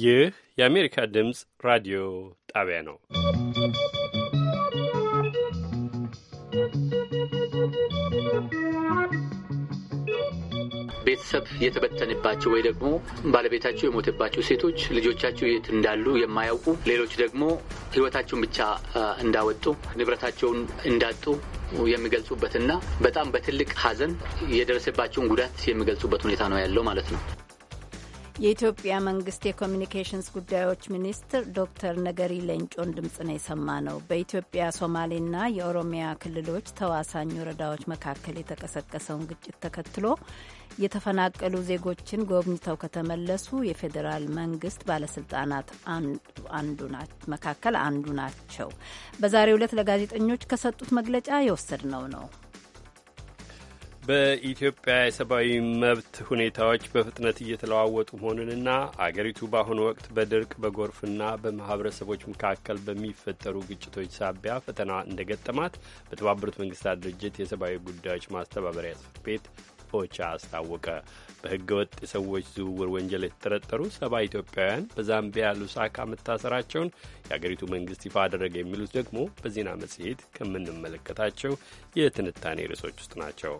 ይህ የአሜሪካ ድምፅ ራዲዮ ጣቢያ ነው። ቤተሰብ የተበተነባቸው ወይ ደግሞ ባለቤታቸው የሞተባቸው ሴቶች ልጆቻቸው የት እንዳሉ የማያውቁ ሌሎች ደግሞ ሕይወታቸውን ብቻ እንዳወጡ ንብረታቸውን እንዳጡ የሚገልጹበትና በጣም በትልቅ ሐዘን የደረሰባቸውን ጉዳት የሚገልጹበት ሁኔታ ነው ያለው ማለት ነው። የኢትዮጵያ መንግስት የኮሚኒኬሽንስ ጉዳዮች ሚኒስትር ዶክተር ነገሪ ሌንጮን ድምፅ ነው ነው። በኢትዮጵያ ሶማሌና የኦሮሚያ ክልሎች ተዋሳኝ ወረዳዎች መካከል የተቀሰቀሰውን ግጭት ተከትሎ የተፈናቀሉ ዜጎችን ጎብኝተው ከተመለሱ የፌዴራል መንግስት ባለስልጣናት መካከል አንዱ ናቸው። በዛሬው ዕለት ለጋዜጠኞች ከሰጡት መግለጫ የወሰድነው ነው። በኢትዮጵያ የሰብአዊ መብት ሁኔታዎች በፍጥነት እየተለዋወጡ መሆኑንና አገሪቱ በአሁኑ ወቅት በድርቅ በጎርፍና በማህበረሰቦች መካከል በሚፈጠሩ ግጭቶች ሳቢያ ፈተና እንደገጠማት በተባበሩት መንግስታት ድርጅት የሰብአዊ ጉዳዮች ማስተባበሪያ ጽሕፈት ቤት ኦቻ አስታወቀ። በህገ ወጥ የሰዎች ዝውውር ወንጀል የተጠረጠሩ ሰባ ኢትዮጵያውያን በዛምቢያ ሉሳካ መታሰራቸውን የአገሪቱ መንግስት ይፋ አደረገ። የሚሉት ደግሞ በዜና መጽሔት ከምንመለከታቸው የትንታኔ ርዕሶች ውስጥ ናቸው።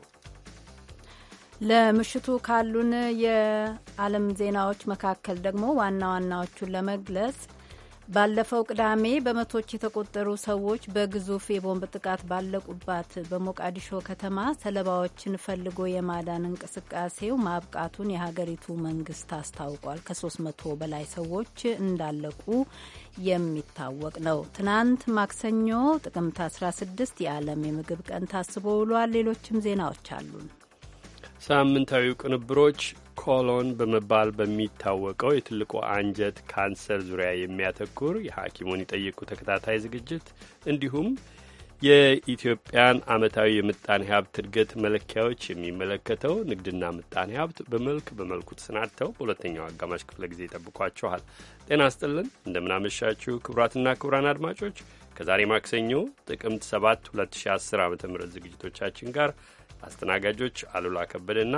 ለምሽቱ ካሉን የዓለም ዜናዎች መካከል ደግሞ ዋና ዋናዎቹን ለመግለጽ ባለፈው ቅዳሜ በመቶች የተቆጠሩ ሰዎች በግዙፍ የቦምብ ጥቃት ባለቁባት በሞቃዲሾ ከተማ ሰለባዎችን ፈልጎ የማዳን እንቅስቃሴው ማብቃቱን የሀገሪቱ መንግስት አስታውቋል። ከ መቶ በላይ ሰዎች እንዳለቁ የሚታወቅ ነው። ትናንት ማክሰኞ ጥቅምት 16 የዓለም የምግብ ቀን ታስቦ ውሏል። ሌሎችም ዜናዎች አሉን። ሳምንታዊ ቅንብሮች ኮሎን በመባል በሚታወቀው የትልቁ አንጀት ካንሰር ዙሪያ የሚያተኩር የሐኪሙን የጠየቁ ተከታታይ ዝግጅት እንዲሁም የኢትዮጵያን ዓመታዊ የምጣኔ ሀብት እድገት መለኪያዎች የሚመለከተው ንግድና ምጣኔ ሀብት በመልክ በመልኩ ተሰናድተው በሁለተኛው አጋማሽ ክፍለ ጊዜ ይጠብቋችኋል። ጤና ስጥልን እንደምናመሻችሁ ክቡራትና ክቡራን አድማጮች ከዛሬ ማክሰኞ ጥቅምት 7 2010 ዓ ም ዝግጅቶቻችን ጋር አስተናጋጆች አሉላ ከበደና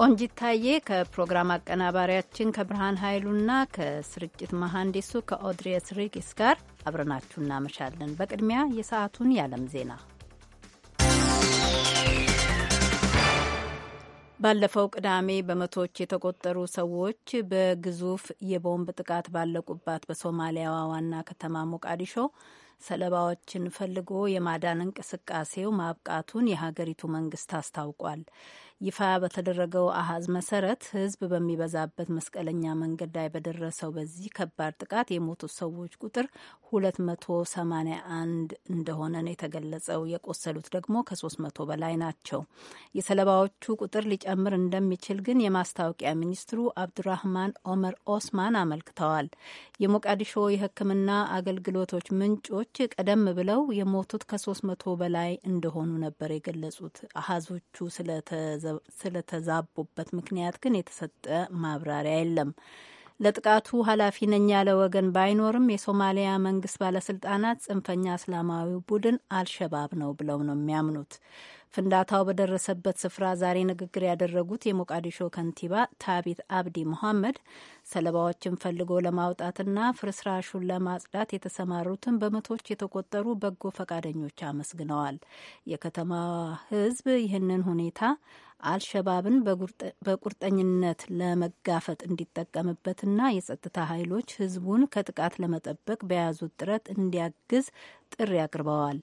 ቆንጂት ታዬ ከፕሮግራም አቀናባሪያችን ከብርሃን ኃይሉና ከስርጭት መሐንዲሱ ከኦድሬስ ሪጊስ ጋር አብረናችሁ እናመሻለን። በቅድሚያ የሰዓቱን የዓለም ዜና ባለፈው ቅዳሜ በመቶዎች የተቆጠሩ ሰዎች በግዙፍ የቦምብ ጥቃት ባለቁባት በሶማሊያዋ ዋና ከተማ ሞቃዲሾ ሰለባዎችን ፈልጎ የማዳን እንቅስቃሴው ማብቃቱን የሀገሪቱ መንግስት አስታውቋል። ይፋ በተደረገው አሀዝ መሰረት ህዝብ በሚበዛበት መስቀለኛ መንገድ ላይ በደረሰው በዚህ ከባድ ጥቃት የሞቱት ሰዎች ቁጥር 281 እንደሆነ ነው የተገለጸው። የቆሰሉት ደግሞ ከ300 በላይ ናቸው። የሰለባዎቹ ቁጥር ሊጨምር እንደሚችል ግን የማስታወቂያ ሚኒስትሩ አብዱራህማን ኦመር ኦስማን አመልክተዋል። የሞቃዲሾ የሕክምና አገልግሎቶች ምንጮች ቀደም ብለው የሞቱት ከ300 በላይ እንደሆኑ ነበር የገለጹት አሀዞቹ ስለተዘ ስለተዛቡበት ምክንያት ግን የተሰጠ ማብራሪያ የለም። ለጥቃቱ ኃላፊ ነኝ ያለ ወገን ባይኖርም የሶማሊያ መንግስት ባለስልጣናት ጽንፈኛ እስላማዊ ቡድን አልሸባብ ነው ብለው ነው የሚያምኑት። ፍንዳታው በደረሰበት ስፍራ ዛሬ ንግግር ያደረጉት የሞቃዲሾ ከንቲባ ታቢት አብዲ መሐመድ ሰለባዎችን ፈልጎ ለማውጣትና ፍርስራሹን ለማጽዳት የተሰማሩትን በመቶች የተቆጠሩ በጎ ፈቃደኞች አመስግነዋል። የከተማዋ ሕዝብ ይህንን ሁኔታ አልሸባብን በቁርጠኝነት ለመጋፈጥ እንዲጠቀምበትና የጸጥታ ኃይሎች ሕዝቡን ከጥቃት ለመጠበቅ በያዙት ጥረት እንዲያግዝ ጥሪ አቅርበዋል።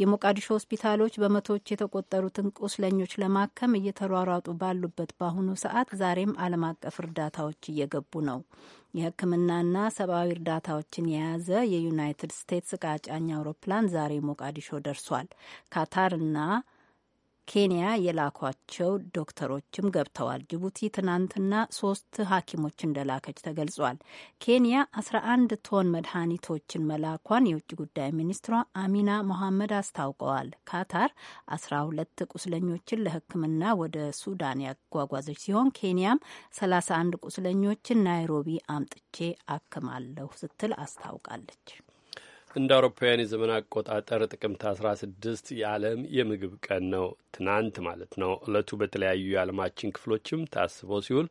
የሞቃዲሾ ሆስፒታሎች በመቶዎች የተቆጠሩትን ቁስለኞች ለማከም እየተሯሯጡ ባሉበት በአሁኑ ሰዓት ዛሬም ዓለም አቀፍ እርዳታዎች እየገቡ ነው። የሕክምናና ሰብአዊ እርዳታዎችን የያዘ የዩናይትድ ስቴትስ እቃ ጫኝ አውሮፕላን ዛሬ ሞቃዲሾ ደርሷል። ካታርና ኬንያ የላኳቸው ዶክተሮችም ገብተዋል። ጅቡቲ ትናንትና ሶስት ሐኪሞች እንደላከች ተገልጿል። ኬንያ 11 ቶን መድኃኒቶችን መላኳን የውጭ ጉዳይ ሚኒስትሯ አሚና ሞሐመድ አስታውቀዋል። ካታር 12 ቁስለኞችን ለሕክምና ወደ ሱዳን ያጓጓዘች ሲሆን ኬንያም 31 ቁስለኞችን ናይሮቢ አምጥቼ አክማለሁ ስትል አስታውቃለች። እንደ አውሮፓውያን የዘመን አቆጣጠር ጥቅምት 16 የዓለም የምግብ ቀን ነው። ትናንት ማለት ነው። ዕለቱ በተለያዩ የዓለማችን ክፍሎችም ታስቦ ሲውል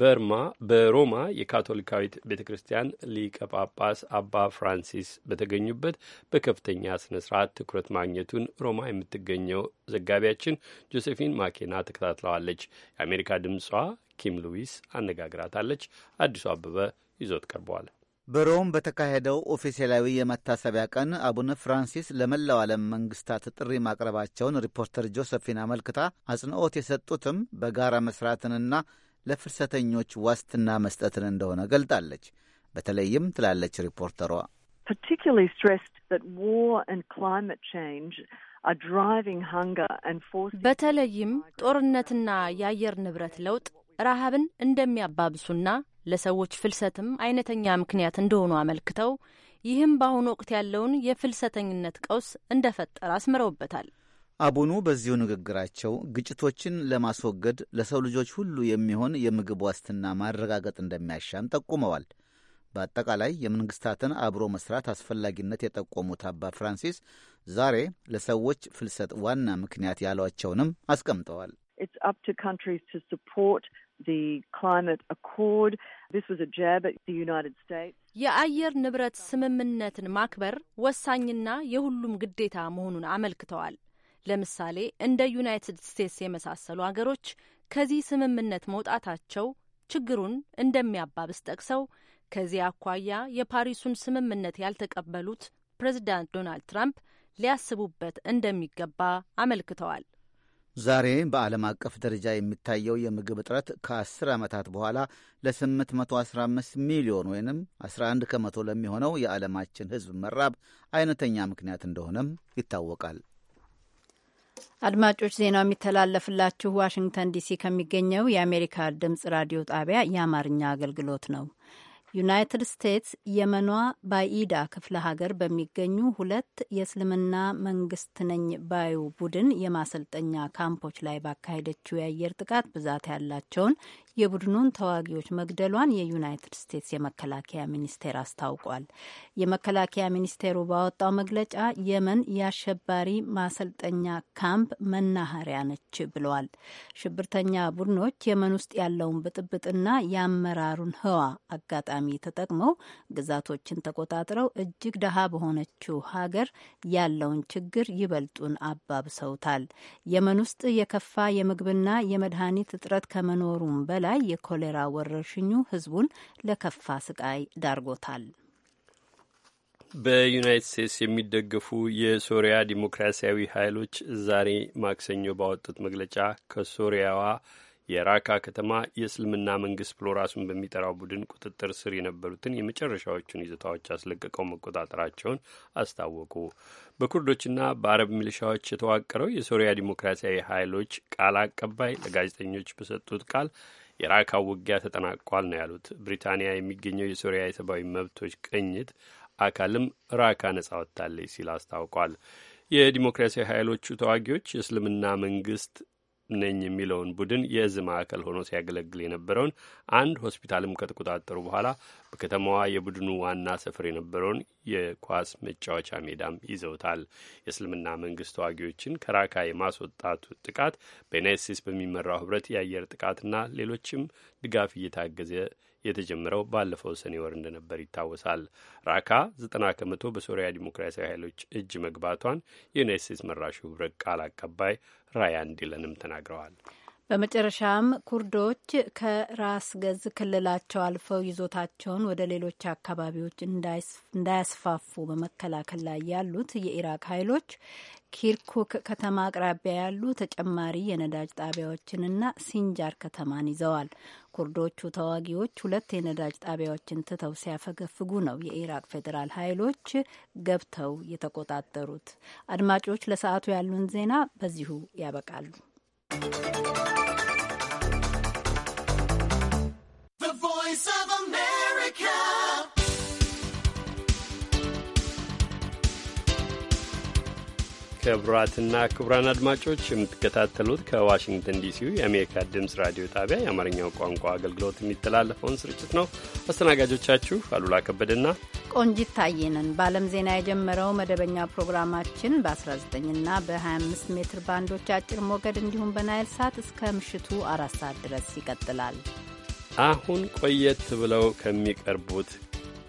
በርማ በሮማ የካቶሊካዊት ቤተ ክርስቲያን ሊቀ ጳጳስ አባ ፍራንሲስ በተገኙበት በከፍተኛ ስነ ስርዓት ትኩረት ማግኘቱን ሮማ የምትገኘው ዘጋቢያችን ጆሴፊን ማኬና ተከታትለዋለች። የአሜሪካ ድምጿ ኪም ሉዊስ አነጋግራታለች። አዲሱ አበበ ይዞት ቀርበዋል። በሮም በተካሄደው ኦፊሴላዊ የመታሰቢያ ቀን አቡነ ፍራንሲስ ለመላው ዓለም መንግስታት ጥሪ ማቅረባቸውን ሪፖርተር ጆሰፊን አመልክታ አጽንኦት የሰጡትም በጋራ መስራትንና ለፍልሰተኞች ዋስትና መስጠትን እንደሆነ ገልጣለች። በተለይም ትላለች ሪፖርተሯ በተለይም ጦርነትና የአየር ንብረት ለውጥ ረሃብን እንደሚያባብሱና ለሰዎች ፍልሰትም አይነተኛ ምክንያት እንደሆኑ አመልክተው ይህም በአሁኑ ወቅት ያለውን የፍልሰተኝነት ቀውስ እንደፈጠረ አስምረውበታል። አቡኑ በዚሁ ንግግራቸው ግጭቶችን ለማስወገድ ለሰው ልጆች ሁሉ የሚሆን የምግብ ዋስትና ማረጋገጥ እንደሚያሻም ጠቁመዋል። በአጠቃላይ የመንግስታትን አብሮ መስራት አስፈላጊነት የጠቆሙት አባ ፍራንሲስ ዛሬ ለሰዎች ፍልሰት ዋና ምክንያት ያሏቸውንም አስቀምጠዋል። It's up to countries to support የአየር ንብረት ስምምነትን ማክበር ወሳኝና የሁሉም ግዴታ መሆኑን አመልክተዋል። ለምሳሌ እንደ ዩናይትድ ስቴትስ የመሳሰሉ አገሮች ከዚህ ስምምነት መውጣታቸው ችግሩን እንደሚያባብስ ጠቅሰው ከዚህ አኳያ የፓሪሱን ስምምነት ያልተቀበሉት ፕሬዚዳንት ዶናልድ ትራምፕ ሊያስቡበት እንደሚገባ አመልክተዋል። ዛሬ በዓለም አቀፍ ደረጃ የሚታየው የምግብ እጥረት ከ10 ዓመታት በኋላ ለ815 ሚሊዮን ወይም 11 ከመቶ ለሚሆነው የዓለማችን ሕዝብ መራብ አይነተኛ ምክንያት እንደሆነም ይታወቃል። አድማጮች ዜናው የሚተላለፍላችሁ ዋሽንግተን ዲሲ ከሚገኘው የአሜሪካ ድምጽ ራዲዮ ጣቢያ የአማርኛ አገልግሎት ነው። ዩናይትድ ስቴትስ የመኗ ባኢዳ ክፍለ ሀገር በሚገኙ ሁለት የእስልምና መንግስት ነኝ ባዩ ቡድን የማሰልጠኛ ካምፖች ላይ ባካሄደችው የአየር ጥቃት ብዛት ያላቸውን የቡድኑን ተዋጊዎች መግደሏን የዩናይትድ ስቴትስ የመከላከያ ሚኒስቴር አስታውቋል። የመከላከያ ሚኒስቴሩ ባወጣው መግለጫ የመን የአሸባሪ ማሰልጠኛ ካምፕ መናኸሪያ ነች ብለዋል። ሽብርተኛ ቡድኖች የመን ውስጥ ያለውን ብጥብጥና የአመራሩን ህዋ አጋጣሚ ተጠቅመው ግዛቶችን ተቆጣጥረው እጅግ ደሃ በሆነችው ሀገር ያለውን ችግር ይበልጡን አባብሰውታል። የመን ውስጥ የከፋ የምግብና የመድኃኒት እጥረት ከመኖሩም በላይ በላይ የኮሌራ ወረርሽኙ ህዝቡን ለከፋ ስቃይ ዳርጎታል። በዩናይት ስቴትስ የሚደገፉ የሶሪያ ዲሞክራሲያዊ ኃይሎች ዛሬ ማክሰኞ ባወጡት መግለጫ ከሶሪያዋ የራካ ከተማ የእስልምና መንግስት ብሎ ራሱን በሚጠራው ቡድን ቁጥጥር ስር የነበሩትን የመጨረሻዎቹን ይዘታዎች አስለቅቀው መቆጣጠራቸውን አስታወቁ። በኩርዶችና በአረብ ሚሊሻዎች የተዋቀረው የሶሪያ ዲሞክራሲያዊ ኃይሎች ቃል አቀባይ ለጋዜጠኞች በሰጡት ቃል የራካው ውጊያ ተጠናቋል ነው ያሉት። ብሪታንያ የሚገኘው የሶሪያ የሰብአዊ መብቶች ቅኝት አካልም ራካ ነጻ ወጥታለች ሲል አስታውቋል። የዲሞክራሲያዊ ኃይሎቹ ተዋጊዎች የእስልምና መንግስት ነኝ የሚለውን ቡድን የእዝ ማዕከል ሆኖ ሲያገለግል የነበረውን አንድ ሆስፒታልም ከተቆጣጠሩ በኋላ በከተማዋ የቡድኑ ዋና ሰፈር የነበረውን የኳስ መጫወቻ ሜዳም ይዘውታል። የእስልምና መንግስት ተዋጊዎችን ከራካ የማስወጣቱ ጥቃት በዩናይት ስቴትስ በሚመራው ህብረት የአየር ጥቃትና ሌሎችም ድጋፍ እየታገዘ የተጀመረው ባለፈው ሰኔ ወር እንደነበር ይታወሳል። ራካ ዘጠና ከመቶ በሶሪያ ዲሞክራሲያዊ ኃይሎች እጅ መግባቷን የዩናይት ስቴትስ መራሹ ህብረት ቃል አቀባይ ራያን ዲለንም ተናግረዋል። በመጨረሻም ኩርዶች ከራስ ገዝ ክልላቸው አልፈው ይዞታቸውን ወደ ሌሎች አካባቢዎች እንዳያስፋፉ በመከላከል ላይ ያሉት የኢራቅ ኃይሎች ኪርኩክ ከተማ አቅራቢያ ያሉ ተጨማሪ የነዳጅ ጣቢያዎችንና ሲንጃር ከተማን ይዘዋል። ኩርዶቹ ተዋጊዎች ሁለት የነዳጅ ጣቢያዎችን ትተው ሲያፈገፍጉ ነው የኢራቅ ፌዴራል ኃይሎች ገብተው የተቆጣጠሩት። አድማጮች፣ ለሰዓቱ ያሉን ዜና በዚሁ ያበቃሉ። ክቡራትና ክቡራን አድማጮች የምትከታተሉት ከዋሽንግተን ዲሲው የአሜሪካ ድምፅ ራዲዮ ጣቢያ የአማርኛው ቋንቋ አገልግሎት የሚተላለፈውን ስርጭት ነው። አስተናጋጆቻችሁ አሉላ ከበደና ቆንጂት ታየንን። በዓለም ዜና የጀመረው መደበኛ ፕሮግራማችን በ19ና በ25 ሜትር ባንዶች አጭር ሞገድ እንዲሁም በናይል ሳት እስከ ምሽቱ አራት ሰዓት ድረስ ይቀጥላል። አሁን ቆየት ብለው ከሚቀርቡት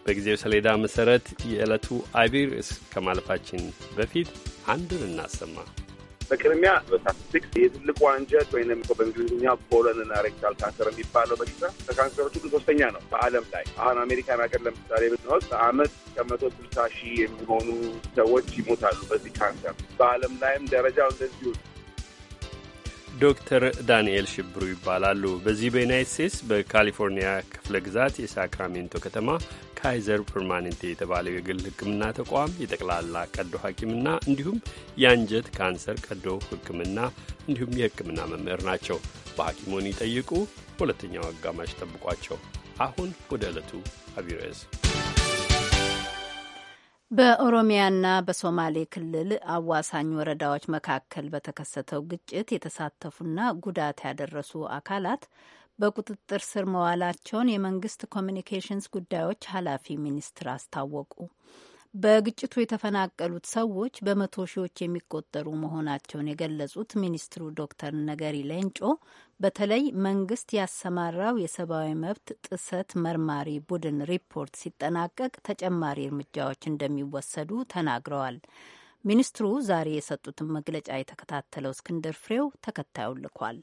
በጊዜው ሰሌዳ መሰረት የዕለቱ አቢር ከማለፋችን በፊት አንዱን እናሰማ። በቅድሚያ በስታቲስቲክስ የትልቁ አንጀት ወይም በእንግሊዝኛ ኮሎንና ሬክታል ካንሰር የሚባለው በሽታ ከካንሰሮች ሁሉ ሶስተኛ ነው በዓለም ላይ። አሁን አሜሪካን ሀገር ለምሳሌ ብንወስድ በአመት ከመቶ ስልሳ ሺህ የሚሆኑ ሰዎች ይሞታሉ በዚህ ካንሰር። በዓለም ላይም ደረጃው እንደዚሁ። ዶክተር ዳንኤል ሽብሩ ይባላሉ። በዚህ በዩናይት ስቴትስ በካሊፎርኒያ ክፍለ ግዛት የሳክራሜንቶ ከተማ ካይዘር ፐርማኔንቴ የተባለው የግል ሕክምና ተቋም የጠቅላላ ቀዶ ሐኪምና እንዲሁም የአንጀት ካንሰር ቀዶ ሕክምና እንዲሁም የሕክምና መምህር ናቸው። በሐኪሞን ይጠይቁ ሁለተኛው አጋማሽ ጠብቋቸው። አሁን ወደ ዕለቱ አብይ በኦሮሚያና በሶማሌ ክልል አዋሳኝ ወረዳዎች መካከል በተከሰተው ግጭት የተሳተፉና ጉዳት ያደረሱ አካላት በቁጥጥር ስር መዋላቸውን የመንግስት ኮሚኒኬሽንስ ጉዳዮች ኃላፊ ሚኒስትር አስታወቁ። በግጭቱ የተፈናቀሉት ሰዎች በመቶ ሺዎች የሚቆጠሩ መሆናቸውን የገለጹት ሚኒስትሩ ዶክተር ነገሪ ሌንጮ በተለይ መንግስት ያሰማራው የሰብአዊ መብት ጥሰት መርማሪ ቡድን ሪፖርት ሲጠናቀቅ ተጨማሪ እርምጃዎች እንደሚወሰዱ ተናግረዋል። ሚኒስትሩ ዛሬ የሰጡትን መግለጫ የተከታተለው እስክንድር ፍሬው ተከታዩን ልኳል።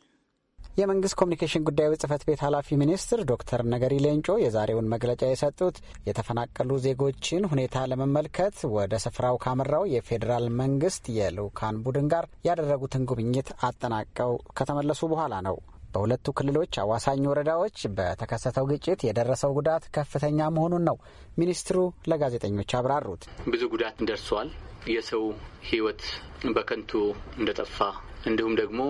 የመንግስት ኮሚኒኬሽን ጉዳዮች ጽህፈት ቤት ኃላፊ ሚኒስትር ዶክተር ነገሪ ሌንጮ የዛሬውን መግለጫ የሰጡት የተፈናቀሉ ዜጎችን ሁኔታ ለመመልከት ወደ ስፍራው ካመራው የፌዴራል መንግስት የልዑካን ቡድን ጋር ያደረጉትን ጉብኝት አጠናቀው ከተመለሱ በኋላ ነው። በሁለቱ ክልሎች አዋሳኝ ወረዳዎች በተከሰተው ግጭት የደረሰው ጉዳት ከፍተኛ መሆኑን ነው ሚኒስትሩ ለጋዜጠኞች አብራሩት። ብዙ ጉዳት ደርሷል። የሰው ህይወት በከንቱ እንደጠፋ እንዲሁም ደግሞ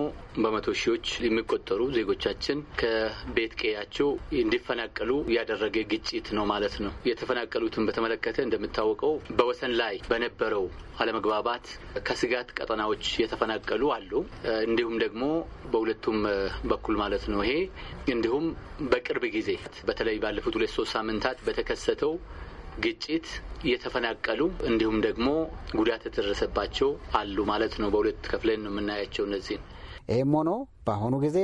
በመቶ ሺዎች የሚቆጠሩ ዜጎቻችን ከቤት ቀያቸው እንዲፈናቀሉ ያደረገ ግጭት ነው ማለት ነው። የተፈናቀሉትን በተመለከተ እንደሚታወቀው በወሰን ላይ በነበረው አለመግባባት ከስጋት ቀጠናዎች የተፈናቀሉ አሉ። እንዲሁም ደግሞ በሁለቱም በኩል ማለት ነው። ይሄ እንዲሁም በቅርብ ጊዜ በተለይ ባለፉት ሁለት ሶስት ሳምንታት በተከሰተው ግጭት የተፈናቀሉ እንዲሁም ደግሞ ጉዳት የተደረሰባቸው አሉ ማለት ነው። በሁለት ከፍለን ነው የምናያቸው እነዚህን። ይህም ሆኖ በአሁኑ ጊዜ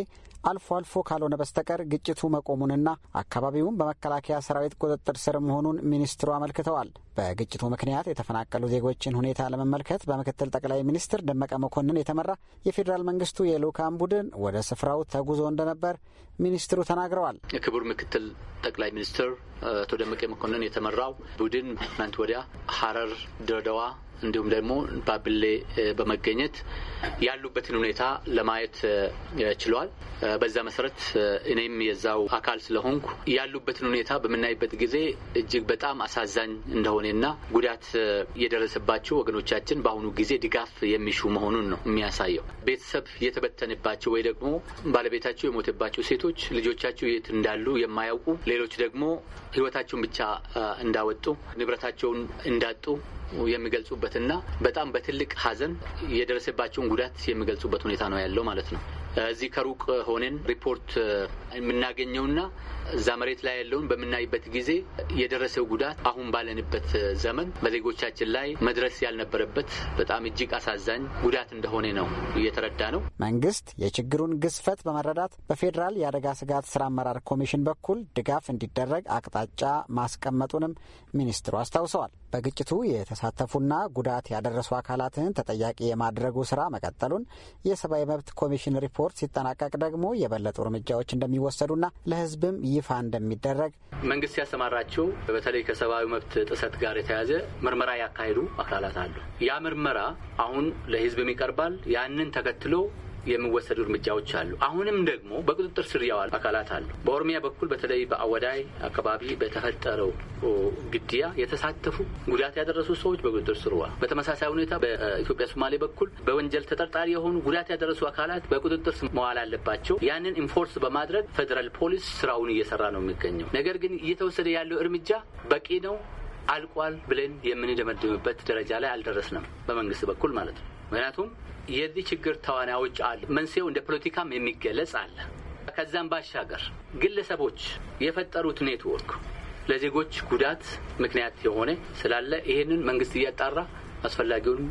አልፎ አልፎ ካልሆነ በስተቀር ግጭቱ መቆሙንና አካባቢውም በመከላከያ ሰራዊት ቁጥጥር ስር መሆኑን ሚኒስትሩ አመልክተዋል። በግጭቱ ምክንያት የተፈናቀሉ ዜጎችን ሁኔታ ለመመልከት በምክትል ጠቅላይ ሚኒስትር ደመቀ መኮንን የተመራ የፌዴራል መንግስቱ የልዑካን ቡድን ወደ ስፍራው ተጉዞ እንደነበር ሚኒስትሩ ተናግረዋል። ክቡር ምክትል ጠቅላይ ሚኒስትር አቶ ደመቀ መኮንን የተመራው ቡድን ትናንት ወዲያ ሀረር፣ ድሬዳዋ እንዲሁም ደግሞ ባብሌ በመገኘት ያሉበትን ሁኔታ ለማየት ችሏል። በዛ መሰረት እኔም የዛው አካል ስለሆንኩ ያሉበትን ሁኔታ በምናይበት ጊዜ እጅግ በጣም አሳዛኝ እንደሆነና ጉዳት የደረሰባቸው ወገኖቻችን በአሁኑ ጊዜ ድጋፍ የሚሹ መሆኑን ነው የሚያሳየው። ቤተሰብ የተበተነባቸው ወይ ደግሞ ባለቤታቸው የሞተባቸው ሴቶች ልጆቻቸው የት እንዳሉ የማያውቁ ሌሎች ደግሞ ሕይወታቸውን ብቻ እንዳወጡ ንብረታቸውን እንዳጡ የሚገልጹበትና በጣም በትልቅ ሀዘን የደረሰባቸውን ጉዳት የሚገልጹበት ሁኔታ ነው ያለው ማለት ነው። እዚህ ከሩቅ ሆነን ሪፖርት የምናገኘውና እዛ መሬት ላይ ያለውን በምናይበት ጊዜ የደረሰው ጉዳት አሁን ባለንበት ዘመን በዜጎቻችን ላይ መድረስ ያልነበረበት በጣም እጅግ አሳዛኝ ጉዳት እንደሆነ ነው እየተረዳ ነው። መንግስት የችግሩን ግዝፈት በመረዳት በፌዴራል የአደጋ ስጋት ስራ አመራር ኮሚሽን በኩል ድጋፍ እንዲደረግ አቅጣጫ ማስቀመጡንም ሚኒስትሩ አስታውሰዋል። በግጭቱ የተሳተፉና ጉዳት ያደረሱ አካላትን ተጠያቂ የማድረጉ ስራ መቀጠሉን የሰብአዊ መብት ኮሚሽን ሪፖርት ሪፖርት ሲጠናቀቅ ደግሞ የበለጡ እርምጃዎች እንደሚወሰዱና ለህዝብም ይፋ እንደሚደረግ መንግስት ያሰማራቸው በተለይ ከሰብአዊ መብት ጥሰት ጋር የተያያዘ ምርመራ ያካሄዱ አካላት አሉ። ያ ምርመራ አሁን ለህዝብም ይቀርባል። ያንን ተከትሎ የሚወሰዱ እርምጃዎች አሉ። አሁንም ደግሞ በቁጥጥር ስር ያዋሉ አካላት አሉ። በኦሮሚያ በኩል በተለይ በአወዳይ አካባቢ በተፈጠረው ግድያ የተሳተፉ ጉዳት ያደረሱ ሰዎች በቁጥጥር ስር ውለዋል። በተመሳሳይ ሁኔታ በኢትዮጵያ ሶማሌ በኩል በወንጀል ተጠርጣሪ የሆኑ ጉዳት ያደረሱ አካላት በቁጥጥር ስር መዋል አለባቸው። ያንን ኢንፎርስ በማድረግ ፌዴራል ፖሊስ ስራውን እየሰራ ነው የሚገኘው። ነገር ግን እየተወሰደ ያለው እርምጃ በቂ ነው አልቋል ብለን የምንደመድምበት ደረጃ ላይ አልደረስንም፣ በመንግስት በኩል ማለት ነው። ምክንያቱም የዚህ ችግር ተዋናዮች አሉ። መንስኤው እንደ ፖለቲካም የሚገለጽ አለ። ከዛም ባሻገር ግለሰቦች የፈጠሩት ኔትወርክ ለዜጎች ጉዳት ምክንያት የሆነ ስላለ ይሄንን መንግስት እያጣራ አስፈላጊውን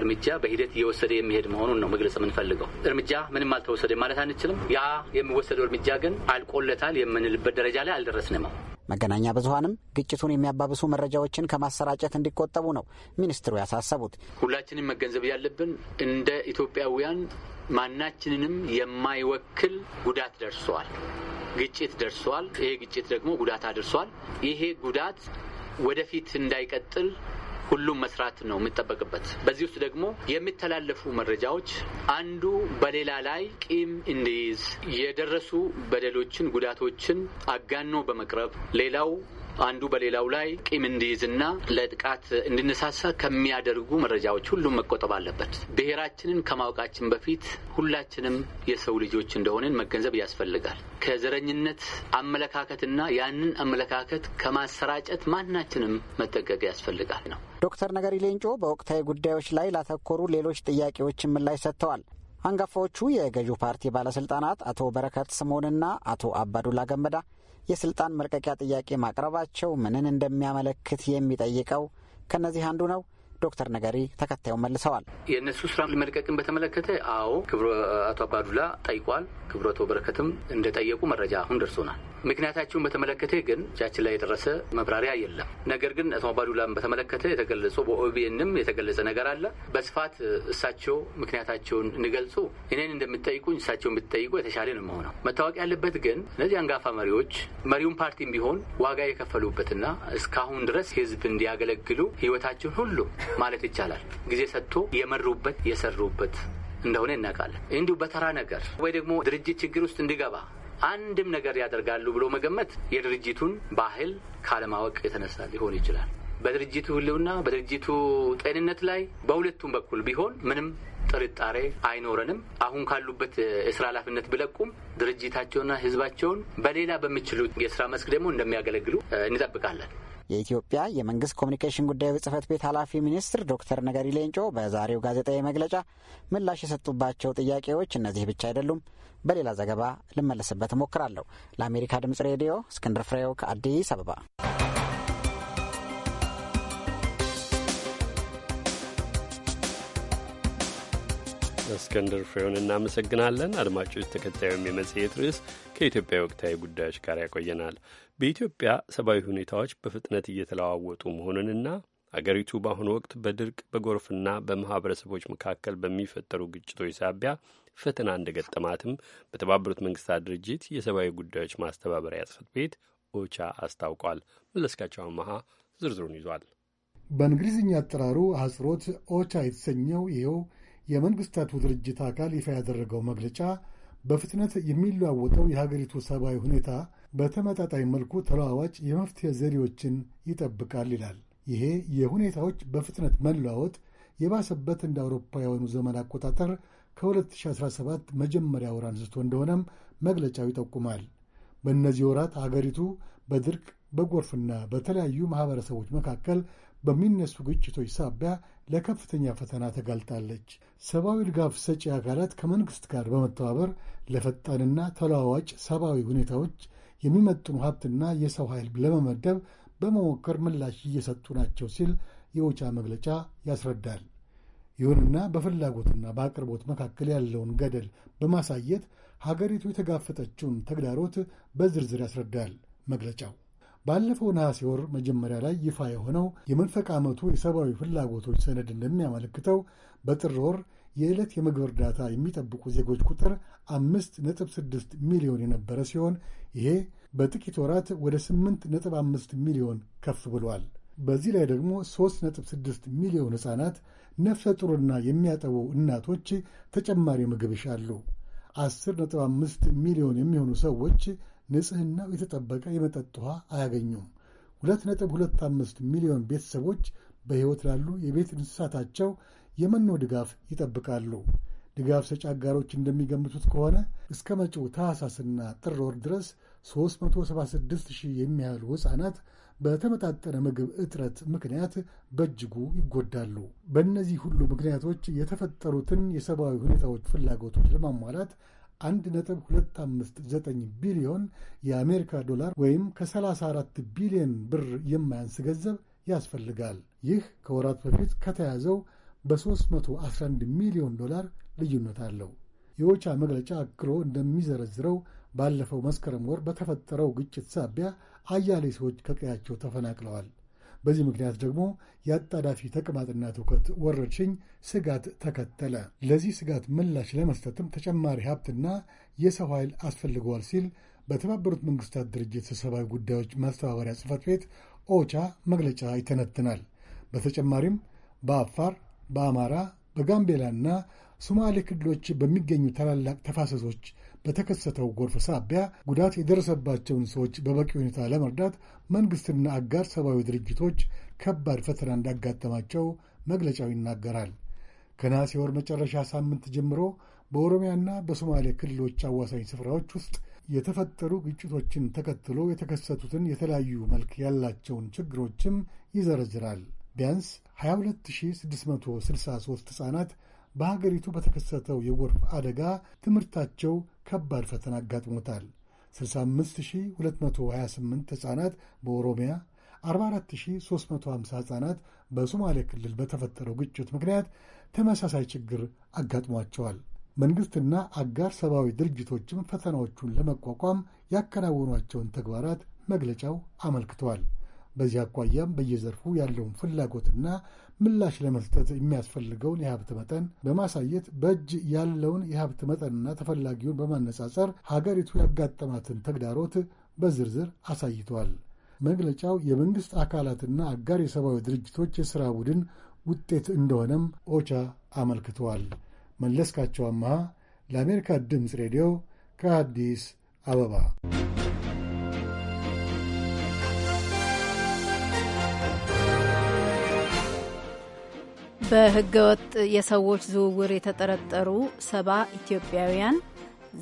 እርምጃ በሂደት እየወሰደ የሚሄድ መሆኑን ነው መግለጽ የምንፈልገው። እርምጃ ምንም አልተወሰደ ማለት አንችልም። ያ የሚወሰደው እርምጃ ግን አልቆለታል የምንልበት ደረጃ ላይ አልደረስንም። መገናኛ ብዙሀንም ግጭቱን የሚያባብሱ መረጃዎችን ከማሰራጨት እንዲቆጠቡ ነው ሚኒስትሩ ያሳሰቡት። ሁላችንም መገንዘብ ያለብን እንደ ኢትዮጵያውያን ማናችንንም የማይወክል ጉዳት ደርሷል፣ ግጭት ደርሷል። ይሄ ግጭት ደግሞ ጉዳት አድርሷል። ይሄ ጉዳት ወደፊት እንዳይቀጥል ሁሉም መስራት ነው የሚጠበቅበት። በዚህ ውስጥ ደግሞ የሚተላለፉ መረጃዎች አንዱ በሌላ ላይ ቂም እንዲይዝ የደረሱ በደሎችን፣ ጉዳቶችን አጋኖ በመቅረብ ሌላው አንዱ በሌላው ላይ ቂም እንዲይዝና ለጥቃት እንድነሳሳ ከሚያደርጉ መረጃዎች ሁሉም መቆጠብ አለበት። ብሔራችንን ከማወቃችን በፊት ሁላችንም የሰው ልጆች እንደሆንን መገንዘብ ያስፈልጋል። ከዘረኝነት አመለካከትና ያንን አመለካከት ከማሰራጨት ማናችንም መጠንቀቅ ያስፈልጋል ነው። ዶክተር ነገሪ ሌንጮ በወቅታዊ ጉዳዮች ላይ ላተኮሩ ሌሎች ጥያቄዎችን ምላሽ ሰጥተዋል። አንጋፋዎቹ የገዢው ፓርቲ ባለስልጣናት አቶ በረከት ስምኦንና አቶ አባዱላ ገመዳ የስልጣን መልቀቂያ ጥያቄ ማቅረባቸው ምንን እንደሚያመለክት የሚጠይቀው ከእነዚህ አንዱ ነው። ዶክተር ነገሪ ተከታዩን መልሰዋል። የእነሱ ስራ መልቀቅን በተመለከተ አዎ፣ ክብሮ አቶ አባዱላ ጠይቋል። ክብሮ አቶ በረከትም እንደጠየቁ መረጃ አሁን ደርሶናል። ምክንያታቸውን በተመለከተ ግን እጃችን ላይ የደረሰ መብራሪያ የለም። ነገር ግን አቶ አባዱላን በተመለከተ የተገለጹ በኦቢኤንም የተገለጸ ነገር አለ። በስፋት እሳቸው ምክንያታቸውን እንገልጹ። እኔን እንደምትጠይቁኝ እሳቸውን ብትጠይቁ የተሻለ ነው መሆነው። መታወቅ ያለበት ግን እነዚህ አንጋፋ መሪዎች መሪውን ፓርቲም ቢሆን ዋጋ የከፈሉበትና እስካሁን ድረስ ህዝብ እንዲያገለግሉ ህይወታቸውን ሁሉ ማለት ይቻላል ጊዜ ሰጥቶ የመሩበት የሰሩበት እንደሆነ እናውቃለን። እንዲሁ በተራ ነገር ወይ ደግሞ ድርጅት ችግር ውስጥ እንዲገባ አንድም ነገር ያደርጋሉ ብሎ መገመት የድርጅቱን ባህል ካለማወቅ የተነሳ ሊሆን ይችላል። በድርጅቱ ህልውና በድርጅቱ ጤንነት ላይ በሁለቱም በኩል ቢሆን ምንም ጥርጣሬ አይኖረንም። አሁን ካሉበት የስራ ኃላፊነት ቢለቁም ድርጅታቸውና ህዝባቸውን በሌላ በሚችሉት የስራ መስክ ደግሞ እንደሚያገለግሉ እንጠብቃለን። የኢትዮጵያ የመንግስት ኮሚኒኬሽን ጉዳዮች ጽህፈት ቤት ኃላፊ ሚኒስትር ዶክተር ነገሪ ሌንጮ በዛሬው ጋዜጣዊ መግለጫ ምላሽ የሰጡባቸው ጥያቄዎች እነዚህ ብቻ አይደሉም። በሌላ ዘገባ ልመለስበት እሞክራለሁ። ለአሜሪካ ድምጽ ሬዲዮ እስክንድር ፍሬው ከአዲስ አበባ። እስከንድር ፍሬውን እናመሰግናለን። አድማጮች፣ ተከታዩም የመጽሔት ርዕስ ከኢትዮጵያ ወቅታዊ ጉዳዮች ጋር ያቆየናል። በኢትዮጵያ ሰብአዊ ሁኔታዎች በፍጥነት እየተለዋወጡ መሆኑንና አገሪቱ በአሁኑ ወቅት በድርቅ በጎርፍና በማህበረሰቦች መካከል በሚፈጠሩ ግጭቶች ሳቢያ ፈተና እንደገጠማትም በተባበሩት መንግስታት ድርጅት የሰብአዊ ጉዳዮች ማስተባበሪያ ጽሕፈት ቤት ኦቻ አስታውቋል። መለስካቸው አመሀ ዝርዝሩን ይዟል። በእንግሊዝኛ አጠራሩ አህጽሮት ኦቻ የተሰኘው ይኸው የመንግስታቱ ድርጅት አካል ይፋ ያደረገው መግለጫ በፍጥነት የሚለዋወጠው የሀገሪቱ ሰብአዊ ሁኔታ በተመጣጣኝ መልኩ ተለዋዋጭ የመፍትሄ ዘዴዎችን ይጠብቃል ይላል። ይሄ የሁኔታዎች በፍጥነት መለዋወጥ የባሰበት እንደ አውሮፓውያኑ ዘመን አቆጣጠር ከ2017 መጀመሪያ ወር አንስቶ እንደሆነም መግለጫው ይጠቁማል። በእነዚህ ወራት አገሪቱ በድርቅ በጎርፍና በተለያዩ ማኅበረሰቦች መካከል በሚነሱ ግጭቶች ሳቢያ ለከፍተኛ ፈተና ተጋልጣለች። ሰብአዊ ድጋፍ ሰጪ አካላት ከመንግሥት ጋር በመተባበር ለፈጣንና ተለዋዋጭ ሰብአዊ ሁኔታዎች የሚመጥኑ ሀብትና የሰው ኃይል ለመመደብ በመሞከር ምላሽ እየሰጡ ናቸው ሲል የውጫ መግለጫ ያስረዳል። ይሁንና በፍላጎትና በአቅርቦት መካከል ያለውን ገደል በማሳየት ሀገሪቱ የተጋፈጠችውን ተግዳሮት በዝርዝር ያስረዳል መግለጫው። ባለፈው ነሐሴ ወር መጀመሪያ ላይ ይፋ የሆነው የመንፈቅ ዓመቱ የሰብአዊ ፍላጎቶች ሰነድ እንደሚያመለክተው በጥር ወር የዕለት የምግብ እርዳታ የሚጠብቁ ዜጎች ቁጥር አምስት ነጥብ ስድስት ሚሊዮን የነበረ ሲሆን ይሄ በጥቂት ወራት ወደ ስምንት ነጥብ አምስት ሚሊዮን ከፍ ብሏል። በዚህ ላይ ደግሞ ሦስት ነጥብ ስድስት ሚሊዮን ሕፃናት፣ ነፍሰ ጡርና የሚያጠቡ እናቶች ተጨማሪ ምግብ ይሻሉ። አስር ነጥብ አምስት ሚሊዮን የሚሆኑ ሰዎች ንጽሕናው የተጠበቀ የመጠጥ ውሃ አያገኙም። ሁለት ነጥብ ሁለት አምስት ሚሊዮን ቤተሰቦች በሕይወት ላሉ የቤት እንስሳታቸው የመኖ ድጋፍ ይጠብቃሉ። ድጋፍ ሰጪ አጋሮች እንደሚገምቱት ከሆነ እስከ መጪው ታህሳስና ጥር ወር ድረስ 376 ሺህ የሚያህሉ ሕፃናት በተመጣጠነ ምግብ እጥረት ምክንያት በእጅጉ ይጎዳሉ። በእነዚህ ሁሉ ምክንያቶች የተፈጠሩትን የሰብአዊ ሁኔታዎች ፍላጎቶች ለማሟላት 1.259 ቢሊዮን የአሜሪካ ዶላር ወይም ከ34 ቢሊዮን ብር የማያንስ ገንዘብ ያስፈልጋል። ይህ ከወራት በፊት ከተያዘው በ311 ሚሊዮን ዶላር ልዩነት አለው። የኦቻ መግለጫ አክሎ እንደሚዘረዝረው ባለፈው መስከረም ወር በተፈጠረው ግጭት ሳቢያ አያሌ ሰዎች ከቀያቸው ተፈናቅለዋል። በዚህ ምክንያት ደግሞ የአጣዳፊ ተቅማጥና ትውከት ወረርሽኝ ስጋት ተከተለ። ለዚህ ስጋት ምላሽ ለመስጠትም ተጨማሪ ሀብትና የሰው ኃይል አስፈልገዋል ሲል በተባበሩት መንግስታት ድርጅት ሰብአዊ ጉዳዮች ማስተባበሪያ ጽፈት ቤት ኦቻ መግለጫ ይተነትናል። በተጨማሪም በአፋር በአማራ በጋምቤላና ሶማሌ ክልሎች በሚገኙ ታላላቅ ተፋሰሶች በተከሰተው ጎርፍ ሳቢያ ጉዳት የደረሰባቸውን ሰዎች በበቂ ሁኔታ ለመርዳት መንግሥትና አጋር ሰብአዊ ድርጅቶች ከባድ ፈተና እንዳጋጠማቸው መግለጫው ይናገራል። ከነሐሴ ወር መጨረሻ ሳምንት ጀምሮ በኦሮሚያና በሶማሌ ክልሎች አዋሳኝ ስፍራዎች ውስጥ የተፈጠሩ ግጭቶችን ተከትሎ የተከሰቱትን የተለያዩ መልክ ያላቸውን ችግሮችም ይዘረዝራል። ቢያንስ 22663 ሕፃናት በሀገሪቱ በተከሰተው የጎርፍ አደጋ ትምህርታቸው ከባድ ፈተና አጋጥሞታል። 65228 ሕፃናት በኦሮሚያ፣ 44350 ሕፃናት በሶማሌ ክልል በተፈጠረው ግጭት ምክንያት ተመሳሳይ ችግር አጋጥሟቸዋል። መንግሥትና አጋር ሰብአዊ ድርጅቶችም ፈተናዎቹን ለመቋቋም ያከናወኗቸውን ተግባራት መግለጫው አመልክተዋል። በዚህ አኳያም በየዘርፉ ያለውን ፍላጎትና ምላሽ ለመስጠት የሚያስፈልገውን የሀብት መጠን በማሳየት በእጅ ያለውን የሀብት መጠንና ተፈላጊውን በማነጻጸር ሀገሪቱ ያጋጠማትን ተግዳሮት በዝርዝር አሳይቷል። መግለጫው የመንግሥት አካላትና አጋር የሰብአዊ ድርጅቶች የሥራ ቡድን ውጤት እንደሆነም ኦቻ አመልክተዋል። መለስካቸው አመሃ ለአሜሪካ ድምፅ ሬዲዮ ከአዲስ አበባ በህገወጥ የሰዎች ዝውውር የተጠረጠሩ ሰባ ኢትዮጵያውያን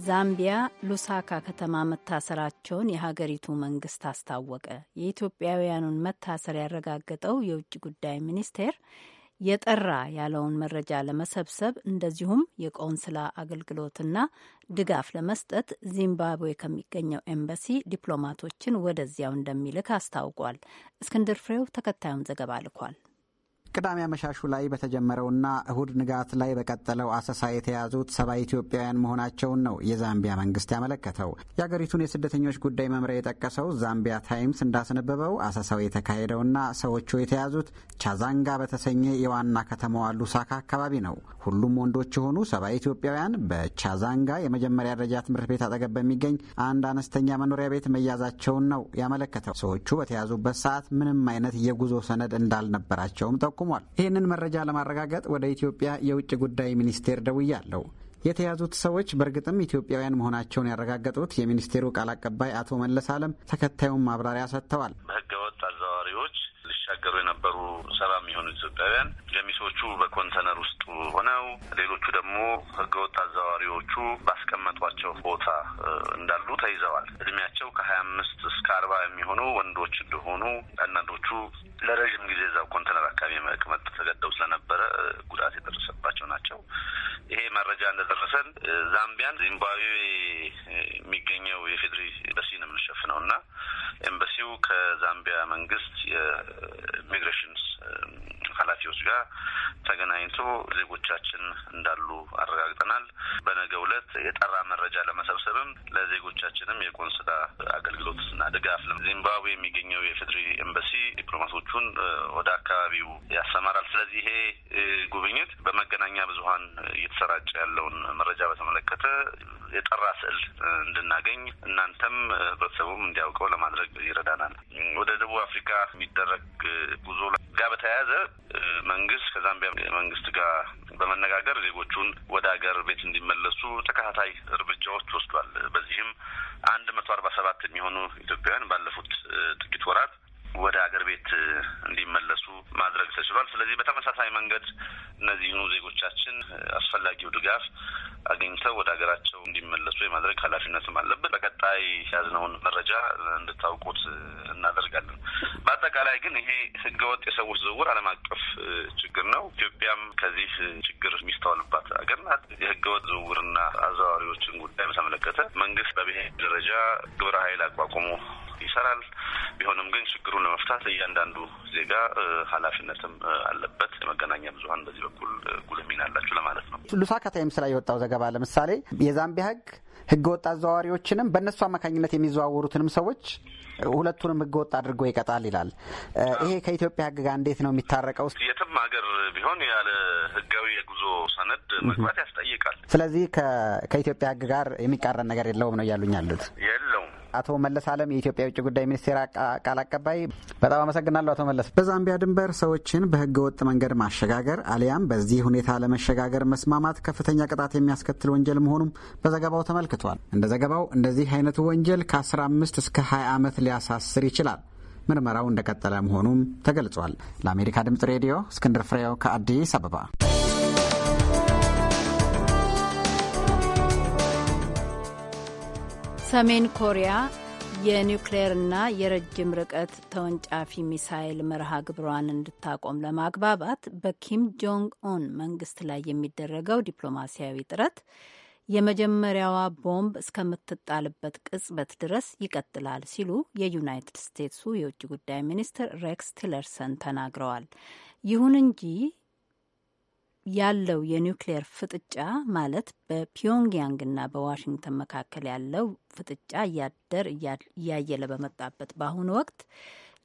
ዛምቢያ ሉሳካ ከተማ መታሰራቸውን የሀገሪቱ መንግስት አስታወቀ። የኢትዮጵያውያኑን መታሰር ያረጋገጠው የውጭ ጉዳይ ሚኒስቴር የጠራ ያለውን መረጃ ለመሰብሰብ እንደዚሁም የቆንስላ አገልግሎትና ድጋፍ ለመስጠት ዚምባብዌ ከሚገኘው ኤምባሲ ዲፕሎማቶችን ወደዚያው እንደሚልክ አስታውቋል። እስክንድር ፍሬው ተከታዩን ዘገባ ልኳል። ቅዳሜ አመሻሹ ላይ በተጀመረውና እሁድ ንጋት ላይ በቀጠለው አሰሳ የተያዙት ሰባ ኢትዮጵያውያን መሆናቸውን ነው የዛምቢያ መንግስት ያመለከተው። የአገሪቱን የስደተኞች ጉዳይ መምሪያ የጠቀሰው ዛምቢያ ታይምስ እንዳስነበበው አሰሳው የተካሄደውና ሰዎቹ የተያዙት ቻዛንጋ በተሰኘ የዋና ከተማዋ ሉሳካ አካባቢ ነው። ሁሉም ወንዶች የሆኑ ሰባ ኢትዮጵያውያን በቻዛንጋ የመጀመሪያ ደረጃ ትምህርት ቤት አጠገብ በሚገኝ አንድ አነስተኛ መኖሪያ ቤት መያዛቸውን ነው ያመለከተው። ሰዎቹ በተያዙበት ሰዓት ምንም አይነት የጉዞ ሰነድ እንዳልነበራቸውም ጠቁ ጠቁሟል። ይህንን መረጃ ለማረጋገጥ ወደ ኢትዮጵያ የውጭ ጉዳይ ሚኒስቴር ደውያለሁ። የተያዙት ሰዎች በእርግጥም ኢትዮጵያውያን መሆናቸውን ያረጋገጡት የሚኒስቴሩ ቃል አቀባይ አቶ መለስ አለም ተከታዩን ማብራሪያ ሰጥተዋል። በህገወጥ አዘዋዋሪዎች ሊሻገሩ የነበሩ ሰባ የሚሆኑ ኢትዮጵያውያን ገሚሶቹ በኮንተነር ውስጥ ሆነው ሌሎቹ ደግሞ ህገወጥ አዘዋዋሪዎቹ ባስቀመጧቸው ቦታ እንዳሉ ተይዘዋል። እድሜያቸው ከሀያ አምስት እስከ አርባ የሚሆኑ ወንዶች እንደሆኑ አንዳንዶቹ ለረዥም ጊዜ እዛው ኮንተነር አካባቢ መቅመጥ ተገደው ስለነበረ ጉዳት የደረሰባቸው ናቸው። ይሄ መረጃ እንደደረሰን ዛምቢያን ዚምባብዌ የሚገኘው የፌዴሪ ኤምበሲ ነው የምንሸፍነው እና ኤምበሲው ከዛምቢያ መንግስት የኢሚግሬሽን ኃላፊዎች ጋር ተገናኝቶ ዜጎቻችን እንዳሉ አረጋግጠናል። በነገ ዕለት የጠራ መረጃ ለመሰብሰብም ለዜጎቻችንም የቆንስላ እና ድጋፍ ዚምባብዌ የሚገኘው የፌድሪ ኤምባሲ ዲፕሎማቶቹን ወደ አካባቢው ያሰማራል። ስለዚህ ይሄ ጉብኝት በመገናኛ ብዙኃን እየተሰራጨ ያለውን መረጃ በተመለከተ የጠራ ስዕል እንድናገኝ እናንተም ህብረተሰቡም እንዲያውቀው ለማድረግ ይረዳናል። ወደ ደቡብ አፍሪካ የሚደረግ ጉዞ ጋር በተያያዘ መንግስት ከዛምቢያ መንግስት ጋር በመነጋገር ዜጎቹን ወደ ሀገር ቤት እንዲመለሱ ተከታታይ እርምጃዎች ወስዷል። በዚህም አንድ መቶ አርባ ሰባት የሚሆኑ ኢትዮጵያውያን ባለፉት ጥቂት ወራት ወደ ሀገር ቤት እንዲመለሱ ማድረግ ተችሏል። ስለዚህ በተመሳሳይ መንገድ እነዚህኑ ዜጎቻችን አስፈላጊው ድጋፍ አግኝተው ወደ ሀገራቸው እንዲመለሱ የማድረግ ኃላፊነትም አለብን። በቀጣይ ያዝነውን መረጃ እንድታውቁት እናደርጋለን። በአጠቃላይ ግን ይሄ ህገወጥ የሰዎች ዝውውር ዓለም አቀፍ ችግር ነው። ኢትዮጵያም ከዚህ ችግር የሚስተዋልባት ሀገር ናት። የህገወጥ ዝውውርና አዘዋዋሪዎችን ጉዳይ በተመለከተ መንግስት በብሔር ደረጃ ግብረ ኃይል አቋቁሞ ይሰራል። ቢሆንም ግን ችግሩን ለመፍታት እያንዳንዱ ዜጋ ኃላፊነትም አለበት። የመገናኛ ብዙኃን በዚህ በኩል ጉልህ ሚና አላችሁ ለማለት ነው። ሉሳካ ታይምስ ላይ የወጣው ዘገባ ለምሳሌ የዛምቢያ ህግ ህገወጥ አዘዋዋሪዎችንም በእነሱ አማካኝነት የሚዘዋወሩትንም ሰዎች ሁለቱንም ህገወጥ አድርጎ ይቀጣል ይላል። ይሄ ከኢትዮጵያ ህግ ጋር እንዴት ነው የሚታረቀው? የትም ሀገር ቢሆን ያለ ህጋዊ የጉዞ ሰነድ መግባት ያስጠይቃል። ስለዚህ ከኢትዮጵያ ህግ ጋር የሚቃረን ነገር የለውም ነው እያሉኝ ያሉት የለውም አቶ መለስ አለም የኢትዮጵያ የውጭ ጉዳይ ሚኒስቴር ቃል አቀባይ፣ በጣም አመሰግናለሁ አቶ መለስ። በዛምቢያ ድንበር ሰዎችን በህገ ወጥ መንገድ ማሸጋገር አሊያም በዚህ ሁኔታ ለመሸጋገር መስማማት ከፍተኛ ቅጣት የሚያስከትል ወንጀል መሆኑም በዘገባው ተመልክቷል። እንደ ዘገባው እንደዚህ አይነቱ ወንጀል ከ15 እስከ 20 ዓመት ሊያሳስር ይችላል። ምርመራው እንደቀጠለ መሆኑም ተገልጿል። ለአሜሪካ ድምጽ ሬዲዮ እስክንድር ፍሬው ከአዲስ አበባ ሰሜን ኮሪያ የኒውክሌርና የረጅም ርቀት ተወንጫፊ ሚሳይል መርሃ ግብሯን እንድታቆም ለማግባባት በኪም ጆንግ ኦን መንግስት ላይ የሚደረገው ዲፕሎማሲያዊ ጥረት የመጀመሪያዋ ቦምብ እስከምትጣልበት ቅጽበት ድረስ ይቀጥላል ሲሉ የዩናይትድ ስቴትሱ የውጭ ጉዳይ ሚኒስትር ሬክስ ቲለርሰን ተናግረዋል። ይሁን እንጂ ያለው የኒውክሌር ፍጥጫ ማለት በፒዮንግያንግና በዋሽንግተን መካከል ያለው ፍጥጫ እያደር እያየለ በመጣበት በአሁኑ ወቅት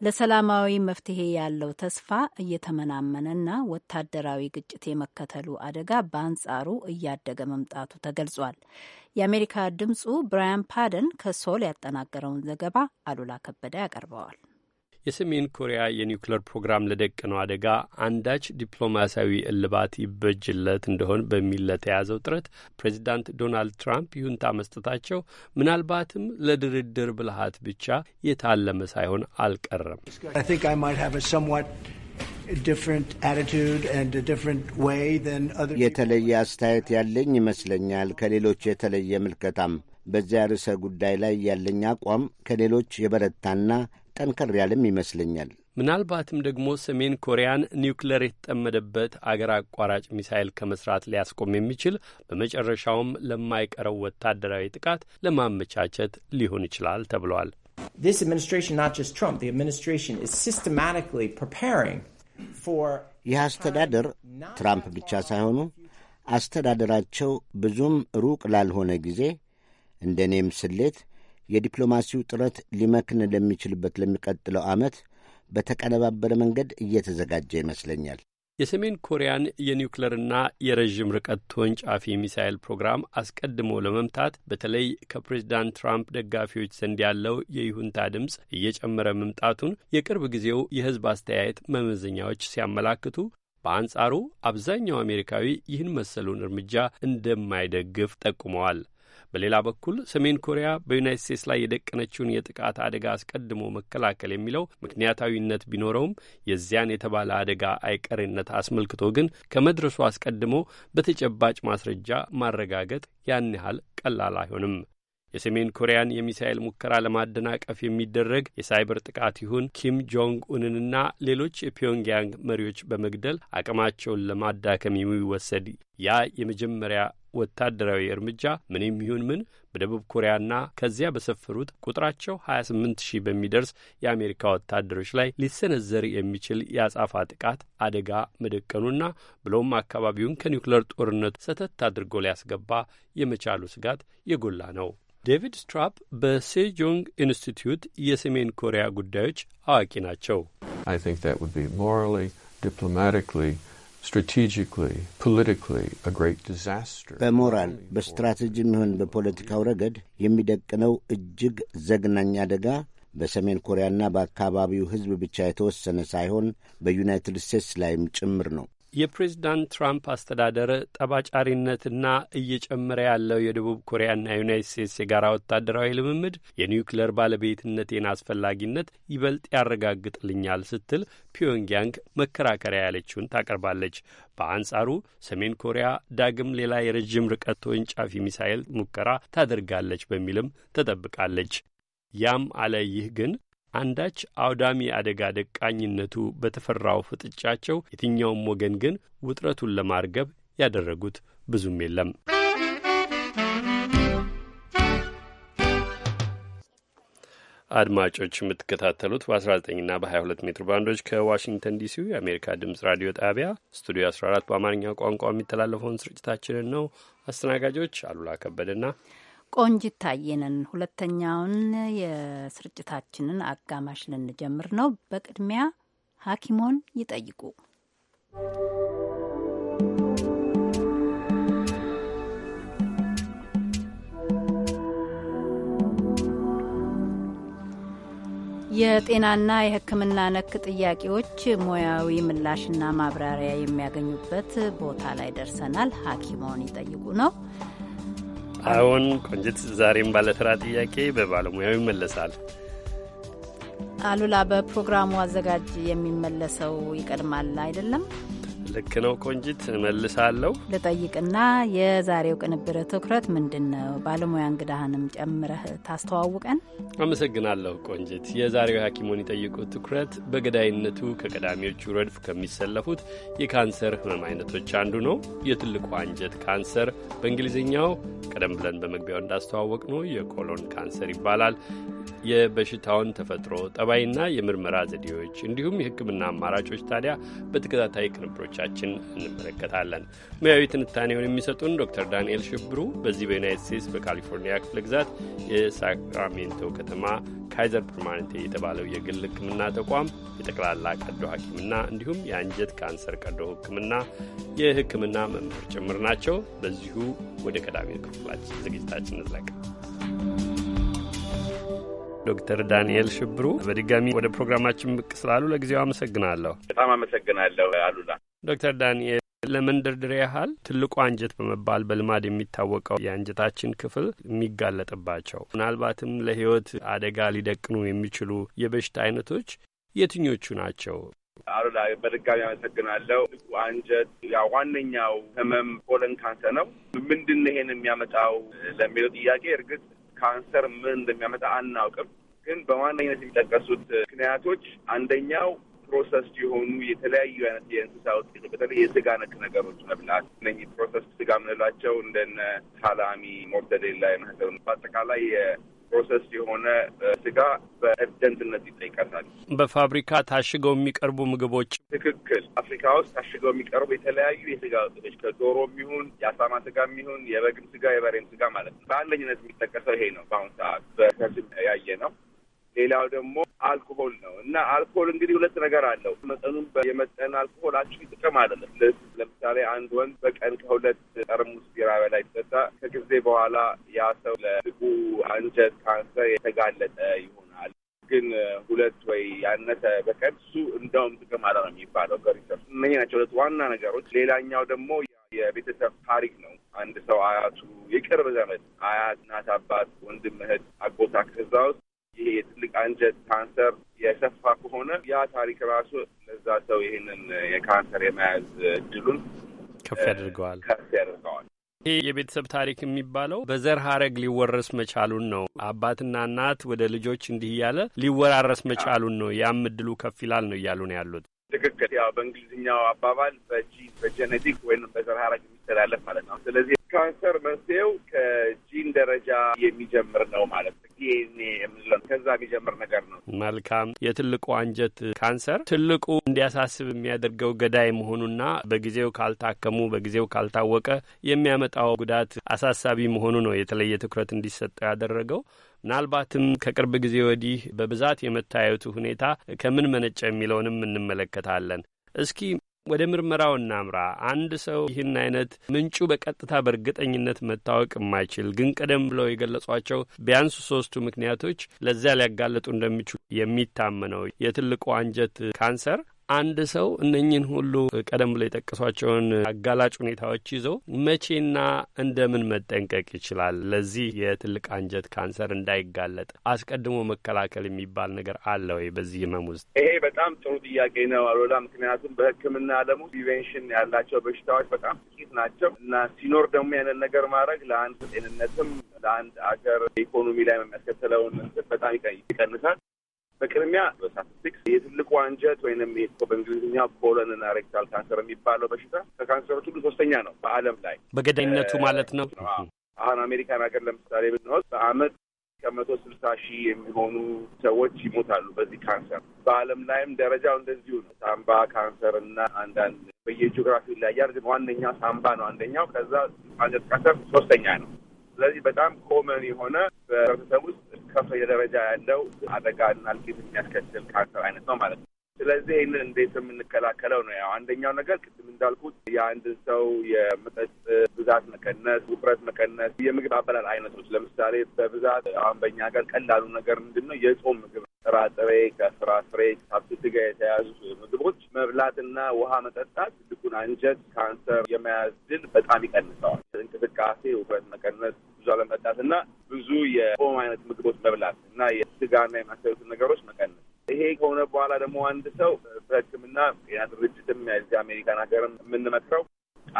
ለሰላማዊ መፍትሄ ያለው ተስፋ እየተመናመነና ወታደራዊ ግጭት የመከተሉ አደጋ በአንጻሩ እያደገ መምጣቱ ተገልጿል። የአሜሪካ ድምጹ ብራያን ፓደን ከሶል ያጠናቀረውን ዘገባ አሉላ ከበደ ያቀርበዋል። የሰሜን ኮሪያ የኒውክሌር ፕሮግራም ለደቀነው አደጋ አንዳች ዲፕሎማሲያዊ እልባት ይበጅለት እንደሆን በሚል ለተያዘው ጥረት ፕሬዚዳንት ዶናልድ ትራምፕ ይሁንታ መስጠታቸው ምናልባትም ለድርድር ብልሃት ብቻ የታለመ ሳይሆን አልቀረም። የተለየ አስተያየት ያለኝ ይመስለኛል። ከሌሎች የተለየ ምልከታም በዚያ ርዕሰ ጉዳይ ላይ ያለኝ አቋም ከሌሎች የበረታና ጠንከር ያለም ይመስለኛል። ምናልባትም ደግሞ ሰሜን ኮሪያን ኒውክሌር የተጠመደበት አገር አቋራጭ ሚሳይል ከመስራት ሊያስቆም የሚችል በመጨረሻውም ለማይቀረው ወታደራዊ ጥቃት ለማመቻቸት ሊሆን ይችላል ተብሏል። This administration, not just Trump, the administration is systematically preparing for ይህ አስተዳደር ትራምፕ ብቻ ሳይሆኑ አስተዳደራቸው ብዙም ሩቅ ላልሆነ ጊዜ እንደ እኔም ስሌት የዲፕሎማሲው ጥረት ሊመክን ለሚችልበት ለሚቀጥለው ዓመት በተቀነባበረ መንገድ እየተዘጋጀ ይመስለኛል። የሰሜን ኮሪያን የኒውክለርና የረዥም ርቀት ተወንጫፊ ሚሳይል ፕሮግራም አስቀድሞ ለመምታት በተለይ ከፕሬዚዳንት ትራምፕ ደጋፊዎች ዘንድ ያለው የይሁንታ ድምፅ እየጨመረ መምጣቱን የቅርብ ጊዜው የሕዝብ አስተያየት መመዘኛዎች ሲያመላክቱ፣ በአንጻሩ አብዛኛው አሜሪካዊ ይህን መሰሉን እርምጃ እንደማይደግፍ ጠቁመዋል። በሌላ በኩል ሰሜን ኮሪያ በዩናይት ስቴትስ ላይ የደቀነችውን የጥቃት አደጋ አስቀድሞ መከላከል የሚለው ምክንያታዊነት ቢኖረውም የዚያን የተባለ አደጋ አይቀሬነት አስመልክቶ ግን ከመድረሱ አስቀድሞ በተጨባጭ ማስረጃ ማረጋገጥ ያን ያህል ቀላል አይሆንም። የሰሜን ኮሪያን የሚሳኤል ሙከራ ለማደናቀፍ የሚደረግ የሳይበር ጥቃት ይሁን ኪም ጆንግ ኡንንና ሌሎች የፒዮንግያንግ መሪዎች በመግደል አቅማቸውን ለማዳከም የሚወሰድ ያ የመጀመሪያ ወታደራዊ እርምጃ ምንም ይሁን ምን በደቡብ ኮሪያና ከዚያ በሰፈሩት ቁጥራቸው 28 ሺህ በሚደርስ የአሜሪካ ወታደሮች ላይ ሊሰነዘር የሚችል የአጻፋ ጥቃት አደጋ መደቀኑና ብሎም አካባቢውን ከኒውክለር ጦርነት ሰተት አድርጎ ሊያስገባ የመቻሉ ስጋት የጎላ ነው። ዴቪድ ስትራፕ በሴጆንግ ኢንስቲትዩት የሰሜን ኮሪያ ጉዳዮች አዋቂ ናቸው። በሞራል በስትራቴጂም ይሁን በፖለቲካው ረገድ የሚደቅነው እጅግ ዘግናኝ አደጋ በሰሜን ኮሪያና በአካባቢው ሕዝብ ብቻ የተወሰነ ሳይሆን በዩናይትድ ስቴትስ ላይም ጭምር ነው። የፕሬዝዳንት ትራምፕ አስተዳደር ጠባጫሪነትና እየጨመረ ያለው የደቡብ ኮሪያና ዩናይት ስቴትስ የጋራ ወታደራዊ ልምምድ የኒውክሌር ባለቤትነቴን አስፈላጊነት ይበልጥ ያረጋግጥልኛል ስትል ፒዮንግያንግ መከራከሪያ ያለችውን ታቀርባለች። በአንጻሩ ሰሜን ኮሪያ ዳግም ሌላ የረዥም ርቀት ተወንጫፊ ሚሳይል ሙከራ ታደርጋለች በሚልም ተጠብቃለች። ያም አለ ይህ ግን አንዳች አውዳሚ አደጋ ደቃኝነቱ በተፈራው ፍጥጫቸው የትኛውም ወገን ግን ውጥረቱን ለማርገብ ያደረጉት ብዙም የለም። አድማጮች የምትከታተሉት በ19ና በ22 ሜትር ባንዶች ከዋሽንግተን ዲሲው የአሜሪካ ድምፅ ራዲዮ ጣቢያ ስቱዲዮ 14 በአማርኛ ቋንቋ የሚተላለፈውን ስርጭታችንን ነው። አስተናጋጆች አሉላ ከበደና ቆንጅ ታየንን ሁለተኛውን የስርጭታችንን አጋማሽ ልንጀምር ነው። በቅድሚያ ሐኪሞን ይጠይቁ የጤናና የሕክምና ነክ ጥያቄዎች ሙያዊ ምላሽና ማብራሪያ የሚያገኙበት ቦታ ላይ ደርሰናል። ሐኪሞን ይጠይቁ ነው። አሁን ቆንጅት፣ ዛሬም ባለተራ ጥያቄ በባለሙያው ይመለሳል። አሉላ፣ በፕሮግራሙ አዘጋጅ የሚመለሰው ይቀድማል አይደለም? ልክ ነው ቆንጂት፣ እመልሳለሁ ልጠይቅና የዛሬው ቅንብር ትኩረት ምንድን ነው? ባለሙያ እንግዳህንም ጨምረህ ታስተዋውቀን። አመሰግናለሁ ቆንጂት። የዛሬው ሐኪሙን የጠይቁ ትኩረት በገዳይነቱ ከቀዳሚዎቹ ረድፍ ከሚሰለፉት የካንሰር ህመም አይነቶች አንዱ ነው፣ የትልቁ አንጀት ካንሰር በእንግሊዝኛው ቀደም ብለን በመግቢያው እንዳስተዋወቅ ነው የኮሎን ካንሰር ይባላል። የበሽታውን ተፈጥሮ ጠባይና የምርመራ ዘዴዎች እንዲሁም የህክምና አማራጮች ታዲያ በተከታታይ ቅንብሮች ቅንብሮቻችን እንመለከታለን። ሙያዊ ትንታኔውን የሚሰጡን ዶክተር ዳንኤል ሽብሩ በዚህ በዩናይት ስቴትስ በካሊፎርኒያ ክፍለ ግዛት የሳክራሜንቶ ከተማ ካይዘር ፐርማኔንቴ የተባለው የግል ሕክምና ተቋም የጠቅላላ ቀዶ ሐኪምና እንዲሁም የአንጀት ካንሰር ቀዶ ሕክምና የሕክምና መምህር ጭምር ናቸው። በዚሁ ወደ ቀዳሚው ክፍላችን ዝግጅታችን እንለቅ። ዶክተር ዳንኤል ሽብሩ በድጋሚ ወደ ፕሮግራማችን ብቅ ስላሉ ለጊዜው አመሰግናለሁ። በጣም አመሰግናለሁ አሉላ። ዶክተር ዳንኤል ለመንደርደሪያ ያህል ትልቁ አንጀት በመባል በልማድ የሚታወቀው የአንጀታችን ክፍል የሚጋለጥባቸው ምናልባትም ለሕይወት አደጋ ሊደቅኑ የሚችሉ የበሽታ አይነቶች የትኞቹ ናቸው? አሉላ በድጋሚ አመሰግናለሁ። ትልቁ አንጀት ያ ዋነኛው ህመም ኮለን ካንሰር ነው። ምንድን ይሄን የሚያመጣው ለሚለው ጥያቄ እርግጥ ካንሰር ምን እንደሚያመጣ አናውቅም። ግን በዋነኝነት የሚጠቀሱት ምክንያቶች አንደኛው ፕሮሰስ የሆኑ የተለያዩ አይነት የእንስሳ ውጤቶች በተለይ የስጋ ነክ ነገሮች መብላት እነ ፕሮሰስ ስጋ የምንላቸው እንደነ ሳላሚ፣ ሞርተዴላ የመሳሰሉ በአጠቃላይ ፕሮሰስ የሆነ ስጋ በእርደንትነት ይጠይቀታል። በፋብሪካ ታሽገው የሚቀርቡ ምግቦች ትክክል። አፍሪካ ውስጥ ታሽገው የሚቀርቡ የተለያዩ የስጋ ውጤቶች ከዶሮ የሚሆን የአሳማ ስጋ የሚሆን የበግም ስጋ የበሬም ስጋ ማለት ነው። በአንደኝነት የሚጠቀሰው ይሄ ነው። በአሁን ሰዓት በከስም ያየ ነው። ሌላው ደግሞ አልኮሆል ነው እና አልኮሆል እንግዲህ ሁለት ነገር አለው። መጠኑም የመጠን አልኮሆል አክቹዋሊ ጥቅም አይደለም። ለምሳሌ አንድ ወንድ በቀን ከሁለት ጠርሙስ ቢራ በላይ ሲጠጣ ከጊዜ በኋላ ያ ሰው ለልቡ አንጀት ካንሰር የተጋለጠ ይሆናል። ግን ሁለት ወይ ያነሰ በቀን እሱ እንደውም ጥቅም አለ ነው የሚባለው ከሪሰርች። እነኚህ ናቸው ሁለት ዋና ነገሮች። ሌላኛው ደግሞ የቤተሰብ ታሪክ ነው። አንድ ሰው አያቱ፣ የቅርብ ዘመድ አያት፣ እናት፣ አባት፣ ወንድም፣ እህት፣ አጎት፣ አክስት ውስጥ ይሄ የትልቅ አንጀት ካንሰር የሰፋ ከሆነ ያ ታሪክ ራሱ ለዛ ሰው ይህንን የካንሰር የመያዝ እድሉን ከፍ ያደርገዋል ከፍ ያደርገዋል። ይህ የቤተሰብ ታሪክ የሚባለው በዘር ሀረግ ሊወረስ መቻሉን ነው። አባትና እናት ወደ ልጆች እንዲህ እያለ ሊወራረስ መቻሉን ነው። ያም እድሉ ከፍ ይላል ነው እያሉ ነው ያሉት። ትክክል። ያው በእንግሊዝኛው አባባል በጂን በጀኔቲክ ወይም በዘር ሀረግ የሚተላለፍ ማለት ነው። ስለዚህ ካንሰር መንስኤው ከጂን ደረጃ የሚጀምር ነው ማለት ነው። ዲኤንኤ ከዛ የሚጀምር ነገር ነው። መልካም። የትልቁ አንጀት ካንሰር ትልቁ እንዲያሳስብ የሚያደርገው ገዳይ መሆኑና በጊዜው ካልታከሙ በጊዜው ካልታወቀ የሚያመጣው ጉዳት አሳሳቢ መሆኑ ነው የተለየ ትኩረት እንዲሰጠው ያደረገው። ምናልባትም ከቅርብ ጊዜ ወዲህ በብዛት የመታየቱ ሁኔታ ከምን መነጨ የሚለውንም እንመለከታለን። እስኪ ወደ ምርመራው እናምራ። አንድ ሰው ይህን አይነት ምንጩ በቀጥታ በእርግጠኝነት መታወቅ የማይችል ግን ቀደም ብለው የገለጿቸው ቢያንስ ሶስቱ ምክንያቶች ለዚያ ሊያጋለጡ እንደሚችሉ የሚታመነው የትልቁ አንጀት ካንሰር አንድ ሰው እነኝን ሁሉ ቀደም ብሎ የጠቀሷቸውን አጋላጭ ሁኔታዎች ይዞ መቼና እንደምን መጠንቀቅ ይችላል? ለዚህ የትልቅ አንጀት ካንሰር እንዳይጋለጥ አስቀድሞ መከላከል የሚባል ነገር አለ ወይ በዚህ ህመም ውስጥ? ይሄ በጣም ጥሩ ጥያቄ ነው አሎላ። ምክንያቱም በሕክምና ዓለም ፕሪቬንሽን ያላቸው በሽታዎች በጣም ጥቂት ናቸው እና ሲኖር ደግሞ ያንን ነገር ማድረግ ለአንድ ጤንነትም ለአንድ አገር ኢኮኖሚ ላይ የሚያስከትለውን በጣም ይቀንሳል። በቅድሚያ በስታቲስቲክስ የትልቁ አንጀት ወይም በእንግሊዝኛ ኮሎን ና ሬክታል ካንሰር የሚባለው በሽታ ከካንሰሮች ሁሉ ሶስተኛ ነው በዓለም ላይ በገዳይነቱ ማለት ነው። አሁን አሜሪካን ሀገር ለምሳሌ ብንወስድ በአመት ከመቶ ስልሳ ሺህ የሚሆኑ ሰዎች ይሞታሉ በዚህ ካንሰር። በዓለም ላይም ደረጃው እንደዚሁ ነው። ሳምባ ካንሰር እና አንዳንድ በየጂኦግራፊ ላይ ያርግ ዋነኛ ሳምባ ነው አንደኛው። ከዛ አንጀት ካንሰር ሶስተኛ ነው። ስለዚህ በጣም ኮመን የሆነ በህብረተሰብ ውስጥ ከፍተኛ ደረጃ ያለው አደጋና እልቂት የሚያስከትል ካንሰር አይነት ነው ማለት ነው። ስለዚህ ይህንን እንዴት የምንከላከለው ነው? ያው አንደኛው ነገር ቅድም እንዳልኩት የአንድ ሰው የመጠጥ ብዛት መቀነስ፣ ውፍረት መቀነስ፣ የምግብ አበላል አይነቶች ለምሳሌ በብዛት አሁን በእኛ ሀገር ቀላሉ ነገር ምንድን ነው የጾም ምግብ ጥራጥሬ ከፍራፍሬ ከአትክልት ጋር የተያዙ ምግቦች መብላትና ውሃ መጠጣት ልኩን አንጀት ካንሰር የመያዝ ድል በጣም ይቀንሰዋል። እንቅስቃሴ፣ ውፍረት መቀነስ፣ ብዙ አለመጠጣት እና ብዙ የጾም አይነት ምግቦች መብላት እና የስጋና የመሳሰሉትን ነገሮች መቀነስ ይሄ ከሆነ በኋላ ደግሞ አንድ ሰው በሕክምና ጤና ድርጅትም የዚህ አሜሪካን ሀገርም የምንመክረው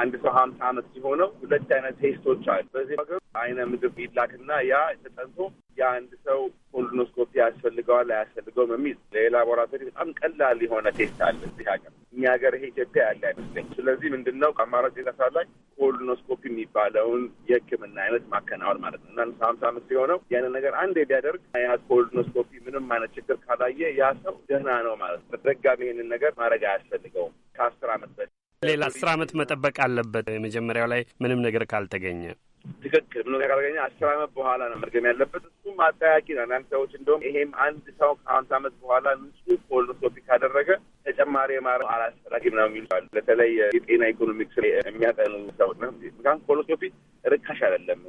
አንድ ሰው ሀምሳ አመት ሲሆነው ሁለት አይነት ቴስቶች አሉ። በዚህ ሀገር አይነ ምግብ ይላክና ያ ተጠንቶ የአንድ ሰው ኮልኖስኮፒ ያስፈልገዋል አያስፈልገውም የሚል ለላቦራቶሪ በጣም ቀላል የሆነ ቴስት አለ እዚህ ሀገር። እኛ ሀገር ይሄ ኢትዮጵያ ያለ አይመስለኝ። ስለዚህ ምንድን ነው አማራጭ የተሳላች ኮልኖስኮፒ የሚባለውን የሕክምና አይነት ማከናወን ማለት ነው እና ሀምሳ አምስት የሆነው ያንን ነገር አንድ ቢያደርግ ያ ኮልኖስኮፒ ምንም አይነት ችግር ካላየ ያ ሰው ደህና ነው ማለት ነው። በድጋሚ ይህንን ነገር ማድረግ አያስፈልገውም ከአስር አመት በፊት ሌላ አስር አመት መጠበቅ አለበት። መጀመሪያው ላይ ምንም ነገር ካልተገኘ ትክክል ምንም ነገር ካልተገኘ አስር አመት በኋላ ነው መድገም ያለበት። እሱም አጠያቂ ነው። አንዳንድ ሰዎች እንደውም ይሄም አንድ ሰው ከአምሳ አመት በኋላ ንጹ ኮሎኖስኮፒ ካደረገ ተጨማሪ የማረ አላስፈላጊ ነው የሚሉ አሉ። በተለይ የጤና ኢኮኖሚክስ የሚያጠኑ ሰው ምክንያቱም ኮሎኖስኮፒ ርካሽ አይደለም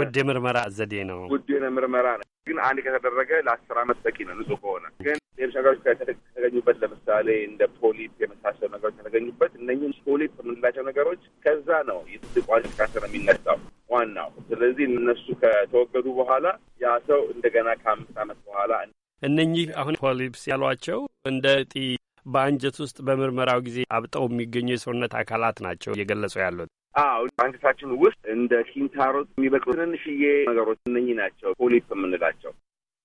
ውድ የምርመራ ዘዴ ነው። ውድ ምርመራ ነው። ግን አንድ ከተደረገ ለአስር አመት በቂ ነው። ንጹህ ከሆነ ግን ሌሎች ነገሮች ከተገኙበት ለምሳሌ እንደ ፖሊፕ የመሳሰሉ ነገሮች ከተገኙበት እነኝም ፖሊፕ የምንላቸው ነገሮች ከዛ ነው የትልቅ ዋልት ካንሰር የሚነሳው ዋናው። ስለዚህ እነሱ ከተወገዱ በኋላ ያ ሰው እንደገና ከአምስት አመት በኋላ እነኚህ አሁን ፖሊፕስ ያሏቸው እንደ ጢ በአንጀት ውስጥ በምርመራው ጊዜ አብጠው የሚገኙ የሰውነት አካላት ናቸው እየገለጹ ያሉት አዎ ባንክሳችን ውስጥ እንደ ኪንታሮት የሚበቅሉ ትንንሽዬ ነገሮች እነኚህ ናቸው ፖሊፕ የምንላቸው።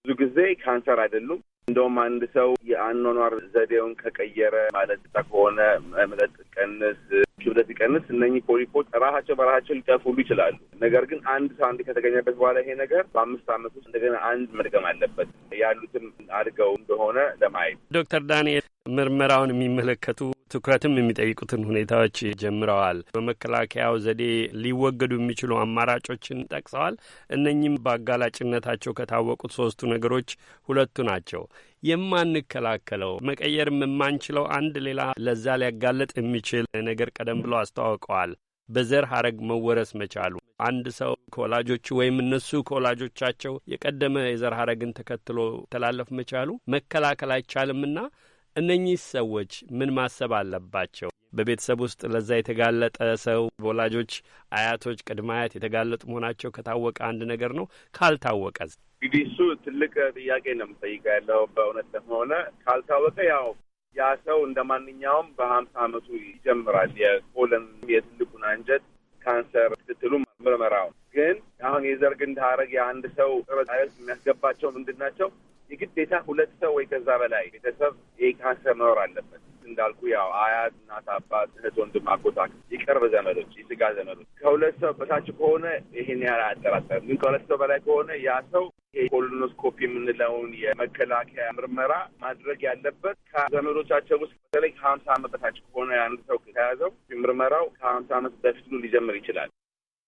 ብዙ ጊዜ ካንሰር አይደሉም። እንደውም አንድ ሰው የአኗኗር ዘዴውን ከቀየረ ማለት ከሆነ መለጥ ቀንስ፣ ክብደት ቀንስ፣ እነኚህ ፖሊፖች ራሳቸው በራሳቸው ሊጠፉሉ ይችላሉ። ነገር ግን አንድ ሰው አንድ ከተገኘበት በኋላ ይሄ ነገር በአምስት ዓመት ውስጥ እንደገና አንድ መድገም አለበት ያሉትም አድገው እንደሆነ ለማየት ዶክተር ዳንኤል ምርመራውን የሚመለከቱ ትኩረትም የሚጠይቁትን ሁኔታዎች ጀምረዋል። በመከላከያው ዘዴ ሊወገዱ የሚችሉ አማራጮችን ጠቅሰዋል። እነኚህም በአጋላጭነታቸው ከታወቁት ሶስቱ ነገሮች ሁለቱ ናቸው። የማንከላከለው መቀየርም የማንችለው አንድ ሌላ ለዛ ሊያጋለጥ የሚችል ነገር ቀደም ብሎ አስተዋውቀዋል። በዘር ሀረግ መወረስ መቻሉ አንድ ሰው ከወላጆቹ ወይም እነሱ ከወላጆቻቸው የቀደመ የዘር ሀረግን ተከትሎ ተላለፍ መቻሉ መከላከል አይቻልምና እነኚህ ሰዎች ምን ማሰብ አለባቸው? በቤተሰብ ውስጥ ለዛ የተጋለጠ ሰው ወላጆች፣ አያቶች፣ ቅድመ አያት የተጋለጡ መሆናቸው ከታወቀ አንድ ነገር ነው። ካልታወቀ እንግዲህ እሱ ትልቅ ጥያቄ ነው የምጠይቀው ያለው በእውነት ከሆነ ካልታወቀ ያው ያ ሰው እንደ ማንኛውም በሀምሳ አመቱ ይጀምራል የኮለን የትልቁን አንጀት ካንሰር ክትትሉ ምርመራው ግን አሁን የዘር ግንድ ሐረግ የአንድ ሰው ረት የሚያስገባቸው ምንድን ናቸው? የግዴታ ሁለት ሰው ወይ ከዛ በላይ ቤተሰብ የካሰ መኖር አለበት። እንዳልኩ ያው አያት፣ እናት፣ አባት፣ እህት፣ ወንድም፣ አጎታ፣ የቅርብ ዘመዶች፣ የስጋ ዘመዶች ከሁለት ሰው በታች ከሆነ ይህን ያህል አያጠራጠርም። ግን ከሁለት ሰው በላይ ከሆነ ያ ሰው ኮሎኖስኮፒ የምንለውን የመከላከያ ምርመራ ማድረግ ያለበት ከዘመዶቻቸው ውስጥ በተለይ ከሀምሳ ዓመት በታች ከሆነ አንድ ሰው ከተያዘው ምርመራው ከሀምሳ ዓመት በፊት ሊጀምር ይችላል።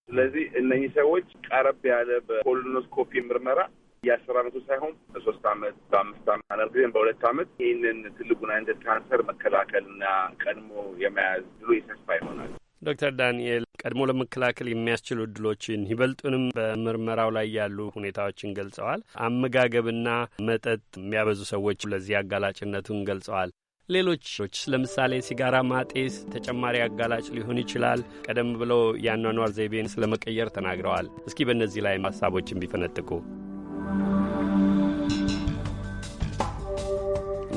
ስለዚህ እነኚህ ሰዎች ቀረብ ያለ በኮሎኖስኮፒ ምርመራ የአስር አመቱ ሳይሆን በሶስት አመት በአምስት አመት አነር ጊዜም በሁለት አመት ይህንን ትልቁን አይነት ካንሰር መከላከልና ቀድሞ የመያዝ ድሉ ይሰፋ ይሆናል። ዶክተር ዳንኤል ቀድሞ ለመከላከል የሚያስችሉ እድሎችን ይበልጡንም በምርመራው ላይ ያሉ ሁኔታዎችን ገልጸዋል። አመጋገብና መጠጥ የሚያበዙ ሰዎች ለዚህ አጋላጭነቱን ገልጸዋል። ሌሎች ለምሳሌ ሲጋራ ማጤስ ተጨማሪ አጋላጭ ሊሆን ይችላል። ቀደም ብለው የአኗኗር ዘይቤን ስለመቀየር ተናግረዋል። እስኪ በእነዚህ ላይ ሀሳቦችን ቢፈነጥቁ።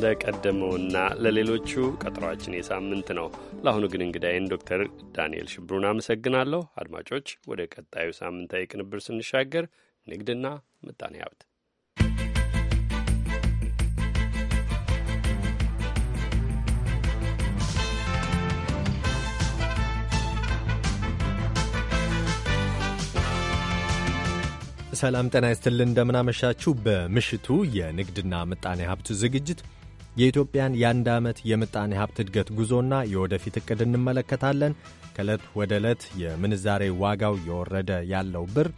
ለቀደመውና ለሌሎቹ ቀጠሯችን የሳምንት ነው። ለአሁኑ ግን እንግዳይን ዶክተር ዳንኤል ሽብሩን አመሰግናለሁ። አድማጮች ወደ ቀጣዩ ሳምንታዊ ቅንብር ስንሻገር ንግድና ምጣኔ ሀብት ሰላም ጤና ይስጥልን እንደምናመሻችሁ። በምሽቱ የንግድና ምጣኔ ሀብት ዝግጅት የኢትዮጵያን የአንድ ዓመት የምጣኔ ሀብት እድገት ጉዞና የወደፊት ዕቅድ እንመለከታለን። ከዕለት ወደ ዕለት የምንዛሬ ዋጋው የወረደ ያለው ብር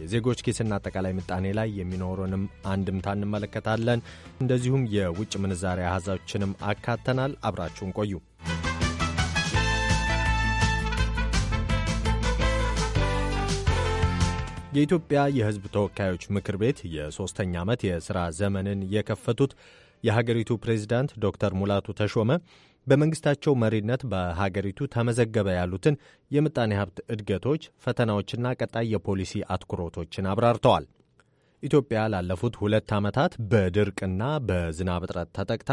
የዜጎች ኬስና አጠቃላይ ምጣኔ ላይ የሚኖረንም አንድምታ እንመለከታለን። እንደዚሁም የውጭ ምንዛሪ አሃዛችንም አካተናል። አብራችሁን ቆዩ። የኢትዮጵያ የሕዝብ ተወካዮች ምክር ቤት የሦስተኛ ዓመት የሥራ ዘመንን የከፈቱት የሀገሪቱ ፕሬዚዳንት ዶክተር ሙላቱ ተሾመ በመንግስታቸው መሪነት በሀገሪቱ ተመዘገበ ያሉትን የምጣኔ ሀብት እድገቶች፣ ፈተናዎችና ቀጣይ የፖሊሲ አትኩሮቶችን አብራርተዋል። ኢትዮጵያ ላለፉት ሁለት ዓመታት በድርቅና በዝናብ እጥረት ተጠቅታ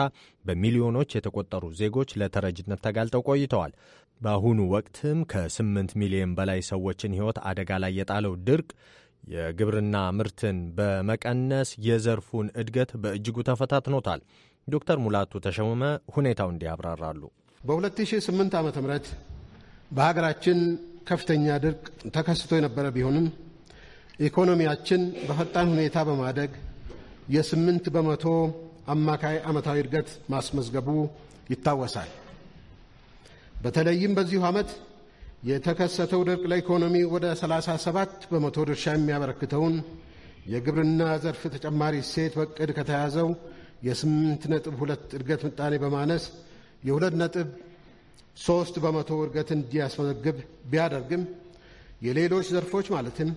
በሚሊዮኖች የተቆጠሩ ዜጎች ለተረጅነት ተጋልጠው ቆይተዋል። በአሁኑ ወቅትም ከ8 ሚሊዮን በላይ ሰዎችን ሕይወት አደጋ ላይ የጣለው ድርቅ የግብርና ምርትን በመቀነስ የዘርፉን እድገት በእጅጉ ተፈታትኖታል። ዶክተር ሙላቱ ተሾመ ሁኔታው እንዲያብራራሉ። በ2008 ዓ ም በሀገራችን ከፍተኛ ድርቅ ተከስቶ የነበረ ቢሆንም ኢኮኖሚያችን በፈጣን ሁኔታ በማደግ የስምንት በመቶ አማካይ ዓመታዊ እድገት ማስመዝገቡ ይታወሳል። በተለይም በዚሁ ዓመት የተከሰተው ድርቅ ለኢኮኖሚ ወደ 37 በመቶ ድርሻ የሚያበረክተውን የግብርና ዘርፍ ተጨማሪ እሴት በቅድ ከተያዘው የ8 ነጥብ 2 እድገት ምጣኔ በማነስ የ2 ነጥብ 3 በመቶ እድገት እንዲያስመዘግብ ቢያደርግም የሌሎች ዘርፎች ማለትም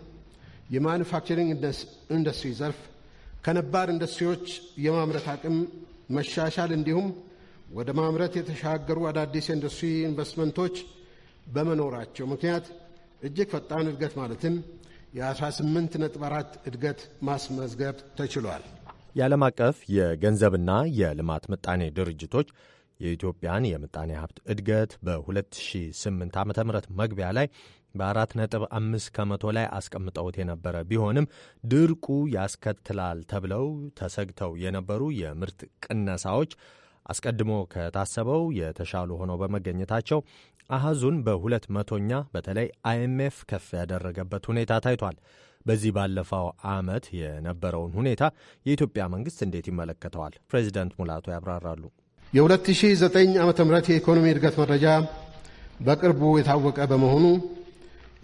የማኑፋክቸሪንግ ኢንዱስትሪ ዘርፍ ከነባር ኢንዱስትሪዎች የማምረት አቅም መሻሻል እንዲሁም ወደ ማምረት የተሻገሩ አዳዲስ የኢንዱስትሪ ኢንቨስትመንቶች በመኖራቸው ምክንያት እጅግ ፈጣን እድገት ማለትም የ18 ነጥብ 4 እድገት ማስመዝገብ ተችሏል። የዓለም አቀፍ የገንዘብና የልማት ምጣኔ ድርጅቶች የኢትዮጵያን የምጣኔ ሀብት እድገት በ2008 ዓ ም መግቢያ ላይ በአራት ነጥብ አምስት ከመቶ ላይ አስቀምጠውት የነበረ ቢሆንም ድርቁ ያስከትላል ተብለው ተሰግተው የነበሩ የምርት ቅነሳዎች አስቀድሞ ከታሰበው የተሻሉ ሆነው በመገኘታቸው አሐዙን በሁለት መቶኛ በተለይ አይኤምኤፍ ከፍ ያደረገበት ሁኔታ ታይቷል። በዚህ ባለፈው ዓመት የነበረውን ሁኔታ የኢትዮጵያ መንግስት እንዴት ይመለከተዋል? ፕሬዚደንት ሙላቱ ያብራራሉ። የ2009 ዓ ም የኢኮኖሚ እድገት መረጃ በቅርቡ የታወቀ በመሆኑ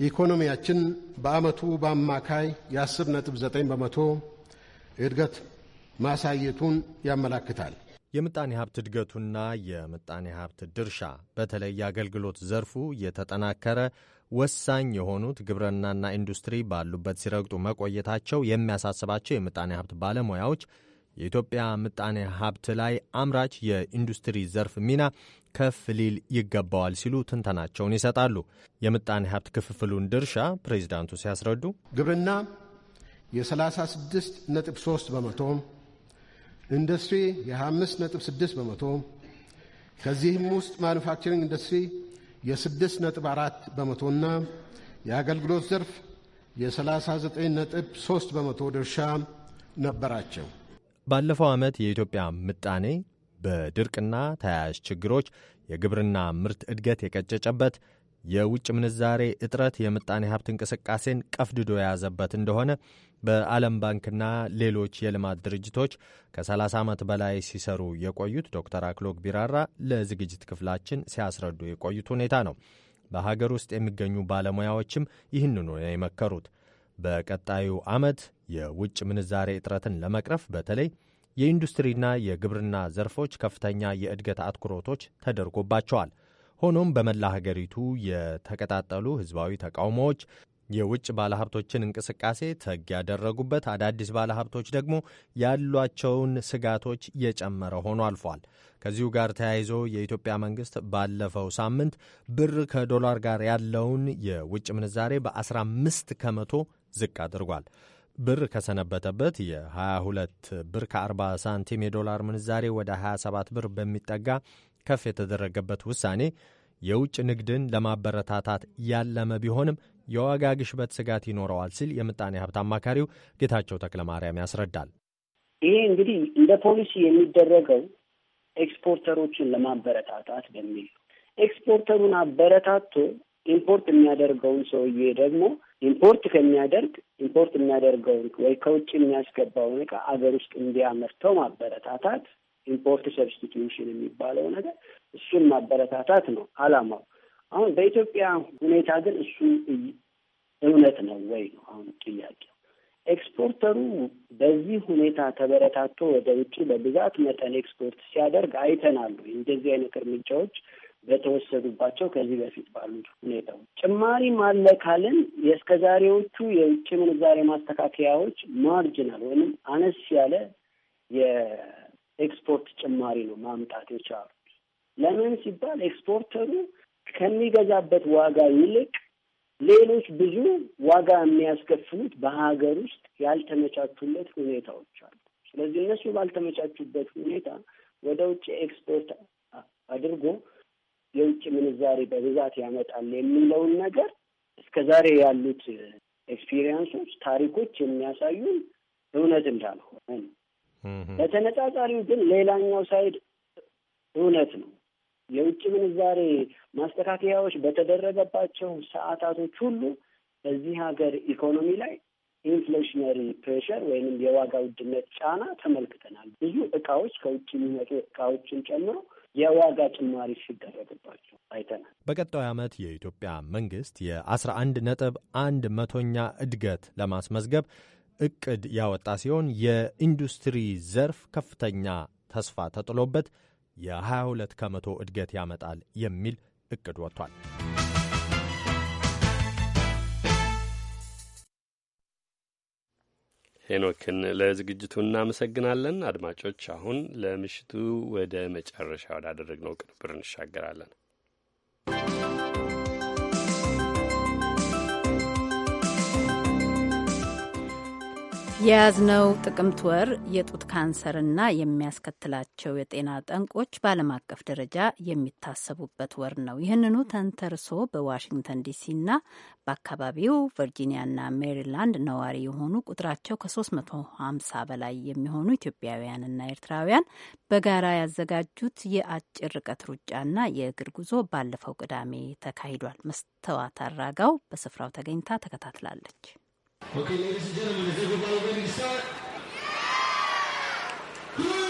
ኢኮኖሚያችን በዓመቱ በአማካይ የ10.9 በመቶ እድገት ማሳየቱን ያመላክታል። የምጣኔ ሀብት እድገቱና የምጣኔ ሀብት ድርሻ በተለይ የአገልግሎት ዘርፉ የተጠናከረ ወሳኝ የሆኑት ግብርናና ኢንዱስትሪ ባሉበት ሲረግጡ መቆየታቸው የሚያሳስባቸው የምጣኔ ሀብት ባለሙያዎች የኢትዮጵያ ምጣኔ ሀብት ላይ አምራች የኢንዱስትሪ ዘርፍ ሚና ከፍ ሊል ይገባዋል ሲሉ ትንተናቸውን ይሰጣሉ። የምጣኔ ሀብት ክፍፍሉን ድርሻ ፕሬዚዳንቱ ሲያስረዱ ግብርና የ36 ነጥብ 3 በመቶ ኢንዱስትሪ የ25 በመቶ ከዚህም ውስጥ ማኑፋክቸሪንግ ኢንዱስትሪ የ6 ነጥብ 4 በመቶና የአገልግሎት ዘርፍ የ 393 3 በመቶ ድርሻ ነበራቸው። ባለፈው ዓመት የኢትዮጵያ ምጣኔ በድርቅና ተያያዥ ችግሮች የግብርና ምርት እድገት የቀጨጨበት የውጭ ምንዛሬ እጥረት የምጣኔ ሀብት እንቅስቃሴን ቀፍድዶ የያዘበት እንደሆነ በዓለም ባንክና ሌሎች የልማት ድርጅቶች ከ30 ዓመት በላይ ሲሰሩ የቆዩት ዶክተር አክሎግ ቢራራ ለዝግጅት ክፍላችን ሲያስረዱ የቆዩት ሁኔታ ነው። በሀገር ውስጥ የሚገኙ ባለሙያዎችም ይህንኑ ነው የመከሩት። በቀጣዩ ዓመት የውጭ ምንዛሬ እጥረትን ለመቅረፍ በተለይ የኢንዱስትሪና የግብርና ዘርፎች ከፍተኛ የእድገት አትኩሮቶች ተደርጎባቸዋል። ሆኖም በመላ ሀገሪቱ የተቀጣጠሉ ህዝባዊ ተቃውሞዎች የውጭ ባለሀብቶችን እንቅስቃሴ ተግ ያደረጉበት፣ አዳዲስ ባለሀብቶች ደግሞ ያሏቸውን ስጋቶች የጨመረ ሆኖ አልፏል። ከዚሁ ጋር ተያይዞ የኢትዮጵያ መንግስት ባለፈው ሳምንት ብር ከዶላር ጋር ያለውን የውጭ ምንዛሬ በ15 ከመቶ ዝቅ አድርጓል። ብር ከሰነበተበት የ22 ብር ከ40 ሳንቲም የዶላር ምንዛሬ ወደ 27 ብር በሚጠጋ ከፍ የተደረገበት ውሳኔ የውጭ ንግድን ለማበረታታት ያለመ ቢሆንም የዋጋ ግሽበት ስጋት ይኖረዋል ሲል የምጣኔ ሀብት አማካሪው ጌታቸው ተክለማርያም ያስረዳል። ይሄ እንግዲህ እንደ ፖሊሲ የሚደረገው ኤክስፖርተሮችን ለማበረታታት በሚል ኤክስፖርተሩን አበረታቶ ኢምፖርት የሚያደርገውን ሰውዬ ደግሞ ኢምፖርት ከሚያደርግ ኢምፖርት የሚያደርገውን ወይ ከውጭ የሚያስገባውን ዕቃ አገር ውስጥ እንዲያመርተው ማበረታታት ኢምፖርት ሰብስቲትዩሽን የሚባለው ነገር እሱን ማበረታታት ነው አላማው። አሁን በኢትዮጵያ ሁኔታ ግን እሱ እውነት ነው ወይ ነው አሁን ጥያቄው። ኤክስፖርተሩ በዚህ ሁኔታ ተበረታቶ ወደ ውጭ በብዛት መጠን ኤክስፖርት ሲያደርግ አይተናሉ። እንደዚህ አይነት እርምጃዎች በተወሰዱባቸው ከዚህ በፊት ባሉት ሁኔታዎች ጭማሪም አለ ካልን የእስከ ዛሬዎቹ የውጭ ምንዛሬ ማስተካከያዎች ማርጅናል ወይም አነስ ያለ ኤክስፖርት ጭማሪ ነው ማምጣት የቻሉት። ለምን ሲባል ኤክስፖርተሩ ከሚገዛበት ዋጋ ይልቅ ሌሎች ብዙ ዋጋ የሚያስከፍሉት በሀገር ውስጥ ያልተመቻቹለት ሁኔታዎች አሉ። ስለዚህ እነሱ ባልተመቻቹበት ሁኔታ ወደ ውጭ ኤክስፖርት አድርጎ የውጭ ምንዛሬ በብዛት ያመጣል የሚለውን ነገር እስከ ዛሬ ያሉት ኤክስፒሪየንሶች፣ ታሪኮች የሚያሳዩን እውነት እንዳልሆነ ነው። በተነጻጻሪው ግን ሌላኛው ሳይድ እውነት ነው። የውጭ ምንዛሬ ማስተካከያዎች በተደረገባቸው ሰዓታቶች ሁሉ በዚህ ሀገር ኢኮኖሚ ላይ ኢንፍሌሽነሪ ፕሬሽር ወይንም የዋጋ ውድነት ጫና ተመልክተናል። ብዙ እቃዎች ከውጭ የሚመጡ እቃዎችን ጨምሮ የዋጋ ጭማሪ ሲደረግባቸው አይተናል። በቀጣዩ ዓመት የኢትዮጵያ መንግስት የአስራ አንድ ነጥብ አንድ መቶኛ እድገት ለማስመዝገብ እቅድ ያወጣ ሲሆን የኢንዱስትሪ ዘርፍ ከፍተኛ ተስፋ ተጥሎበት የ22 ከመቶ እድገት ያመጣል የሚል እቅድ ወጥቷል። ሄኖክን ለዝግጅቱ እናመሰግናለን። አድማጮች፣ አሁን ለምሽቱ ወደ መጨረሻ ወዳደረግነው ቅንብር እንሻገራለን። የያዝነው ጥቅምት ወር የጡት ካንሰርና የሚያስከትላቸው የጤና ጠንቆች በዓለም አቀፍ ደረጃ የሚታሰቡበት ወር ነው። ይህንኑ ተንተርሶ በዋሽንግተን ዲሲና በአካባቢው ቨርጂኒያና ሜሪላንድ ነዋሪ የሆኑ ቁጥራቸው ከ350 በላይ የሚሆኑ ኢትዮጵያውያንና ኤርትራውያን በጋራ ያዘጋጁት የአጭር ርቀት ሩጫና የእግር ጉዞ ባለፈው ቅዳሜ ተካሂዷል። መስተዋት አራጋው በስፍራው ተገኝታ ተከታትላለች። Okay, ladies and gentlemen, is everybody ready to start? Yeah!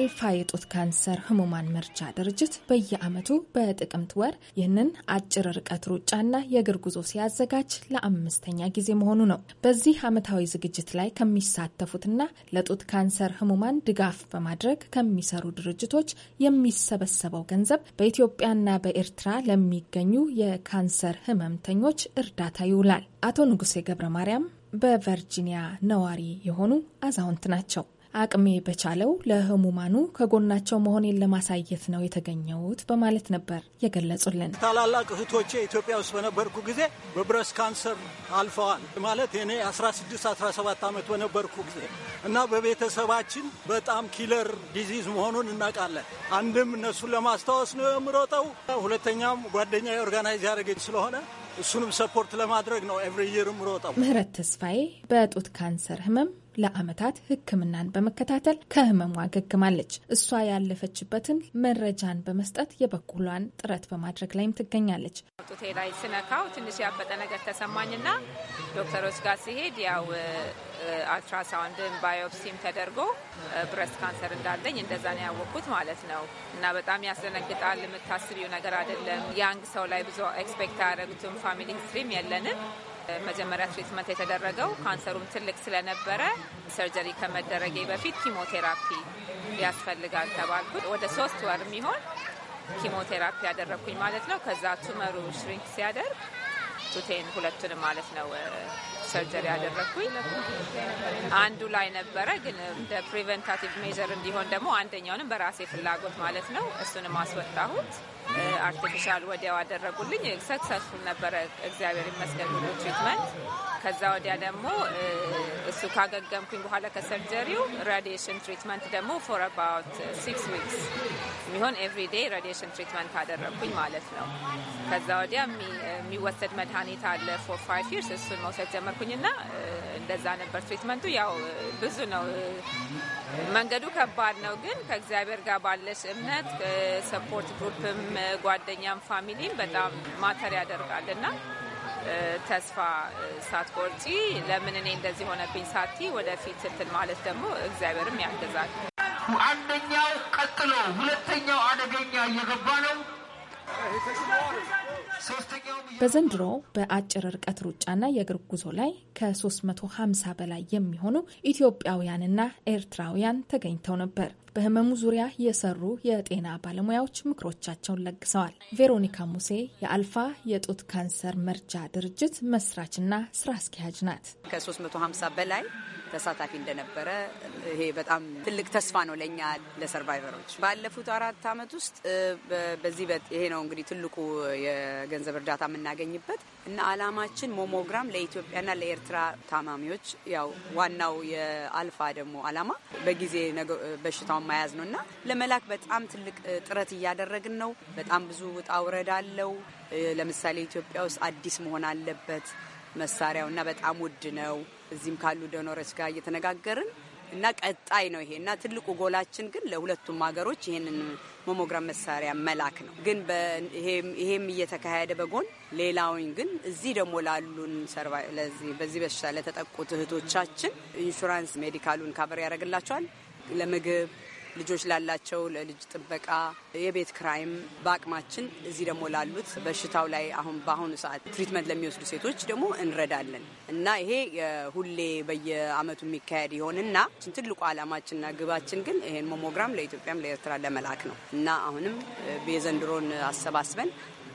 የአልፋ የጡት ካንሰር ህሙማን መርጃ ድርጅት በየዓመቱ በጥቅምት ወር ይህንን አጭር ርቀት ሩጫና የእግር ጉዞ ሲያዘጋጅ ለአምስተኛ ጊዜ መሆኑ ነው። በዚህ ዓመታዊ ዝግጅት ላይ ከሚሳተፉትና ለጡት ካንሰር ህሙማን ድጋፍ በማድረግ ከሚሰሩ ድርጅቶች የሚሰበሰበው ገንዘብ በኢትዮጵያና በኤርትራ ለሚገኙ የካንሰር ህመምተኞች እርዳታ ይውላል። አቶ ንጉሴ ገብረ ማርያም በቨርጂኒያ ነዋሪ የሆኑ አዛውንት ናቸው። አቅሜ በቻለው ለህሙማኑ ከጎናቸው መሆኔን ለማሳየት ነው የተገኘሁት በማለት ነበር የገለጹልን። ታላላቅ እህቶቼ ኢትዮጵያ ውስጥ በነበርኩ ጊዜ በብረስ ካንሰር አልፈዋል። ማለት እኔ 16 17 ዓመት በነበርኩ ጊዜ እና በቤተሰባችን በጣም ኪለር ዲዚዝ መሆኑን እናውቃለን። አንድም እነሱን ለማስታወስ ነው የምሮጠው፣ ሁለተኛም ጓደኛ ኦርጋናይዝ ያደረገች ስለሆነ እሱንም ሰፖርት ለማድረግ ነው ኤቭሪ ይር ምሮጠው። ምህረት ተስፋዬ በጡት ካንሰር ህመም ለአመታት ሕክምናን በመከታተል ከህመሟ አገግማለች። እሷ ያለፈችበትን መረጃን በመስጠት የበኩሏን ጥረት በማድረግ ላይም ትገኛለች። ጡቴ ላይ ስነካው ትንሽ ያበጠ ነገር ተሰማኝና ዶክተሮች ጋር ሲሄድ ያው አልትራሳውንድን ባዮፕሲም ተደርጎ ብረስት ካንሰር እንዳለኝ እንደዛ ነው ያወቅኩት ማለት ነው። እና በጣም ያስደነግጣል። የምታስቢው ነገር አይደለም። ያንግ ሰው ላይ ብዙ ኤክስፔክት አያደረጉትም። ፋሚሊ ስትሪም የለንም መጀመሪያ ትሪትመንት የተደረገው ካንሰሩም ትልቅ ስለነበረ ሰርጀሪ ከመደረጌ በፊት ኪሞቴራፒ ያስፈልጋል ተባልኩት። ወደ ሶስት ወር የሚሆን ኪሞቴራፒ ያደረግኩኝ ማለት ነው። ከዛ ቱመሩ ሽሪንክ ሲያደርግ ቱቴን ሁለቱንም ማለት ነው ሰርጀሪ ያደረግኩኝ አንዱ ላይ ነበረ። ግን እንደ ፕሪቨንታቲቭ ሜዘር እንዲሆን ደግሞ አንደኛውንም በራሴ ፍላጎት ማለት ነው እሱንም አስወጣሁት። አርቲፊሻል ወዲያው አደረጉልኝ። ሰክሰስፉል ነበረ እግዚአብሔር ይመስገን ሁሉ ትሪትመንት። ከዛ ወዲያ ደግሞ እሱ ካገገምኩኝ በኋላ ከሰርጀሪው ራዲሽን ትሪትመንት ደግሞ ፎር አባውት ሲክስ ዊክስ የሚሆን ኤቭሪዴይ ራዲሽን ትሪትመንት አደረግኩኝ ማለት ነው። ከዛ ወዲያ የሚወሰድ መድኃኒት መድኃኒት አለ ፎር ፋይቭ ይርስ እሱን መውሰድ ጀመርኩኝና እንደዛ ነበር ትሪትመንቱ። ያው ብዙ ነው መንገዱ ከባድ ነው፣ ግን ከእግዚአብሔር ጋር ባለሽ እምነት ሰፖርት ግሩፕም ጓደኛም ፋሚሊም በጣም ማተር ያደርጋልና ተስፋ ሳትቆርጪ ለምን እኔ እንደዚህ ሆነብኝ ሳቲ ወደፊት ስትል ማለት ደግሞ እግዚአብሔርም ያገዛል። አንደኛው ቀጥሎ ሁለተኛው አደገኛ እየገባ ነው። በዘንድሮ በአጭር ርቀት ሩጫና የእግር ጉዞ ላይ ከ350 በላይ የሚሆኑ ኢትዮጵያውያንና ኤርትራውያን ተገኝተው ነበር። በህመሙ ዙሪያ የሰሩ የጤና ባለሙያዎች ምክሮቻቸውን ለግሰዋል። ቬሮኒካ ሙሴ የአልፋ የጡት ካንሰር መርጃ ድርጅት መስራችና ስራ አስኪያጅ ናት። ከ350 በላይ ተሳታፊ እንደነበረ ይሄ በጣም ትልቅ ተስፋ ነው ለእኛ ለሰርቫይቨሮች። ባለፉት አራት ዓመት ውስጥ በዚህ ይሄ ነው እንግዲህ ትልቁ የገንዘብ እርዳታ የምናገኝበት እና አላማችን ሞሞግራም ለኢትዮጵያና ለኤርትራ ታማሚዎች ያው ዋናው የአልፋ ደግሞ አላማ በጊዜ በሽታውን መያዝ ነው እና ለመላክ በጣም ትልቅ ጥረት እያደረግን ነው። በጣም ብዙ ውጣ ውረድ አለው። ለምሳሌ ኢትዮጵያ ውስጥ አዲስ መሆን አለበት። መሳሪያው እና በጣም ውድ ነው። እዚህም ካሉ ዶኖሮች ጋር እየተነጋገርን እና ቀጣይ ነው ይሄ እና ትልቁ ጎላችን ግን ለሁለቱም ሀገሮች ይሄንን ሞሞግራም መሳሪያ መላክ ነው። ግን ይሄም እየተካሄደ በጎን ሌላውን ግን እዚህ ደግሞ ላሉን በዚህ በሽታ ለተጠቁት እህቶቻችን ኢንሹራንስ ሜዲካሉን ካቨር ያደርግላቸዋል ለምግብ ልጆች ላላቸው ለልጅ ጥበቃ፣ የቤት ክራይም በአቅማችን እዚህ ደግሞ ላሉት በሽታው ላይ አሁን በአሁኑ ሰዓት ትሪትመንት ለሚወስዱ ሴቶች ደግሞ እንረዳለን እና ይሄ ሁሌ በየአመቱ የሚካሄድ ይሆንና ትልቁ አላማችንና ግባችን ግን ይሄን ሞሞግራም ለኢትዮጵያም ለኤርትራ ለመላክ ነው እና አሁንም የዘንድሮን አሰባስበን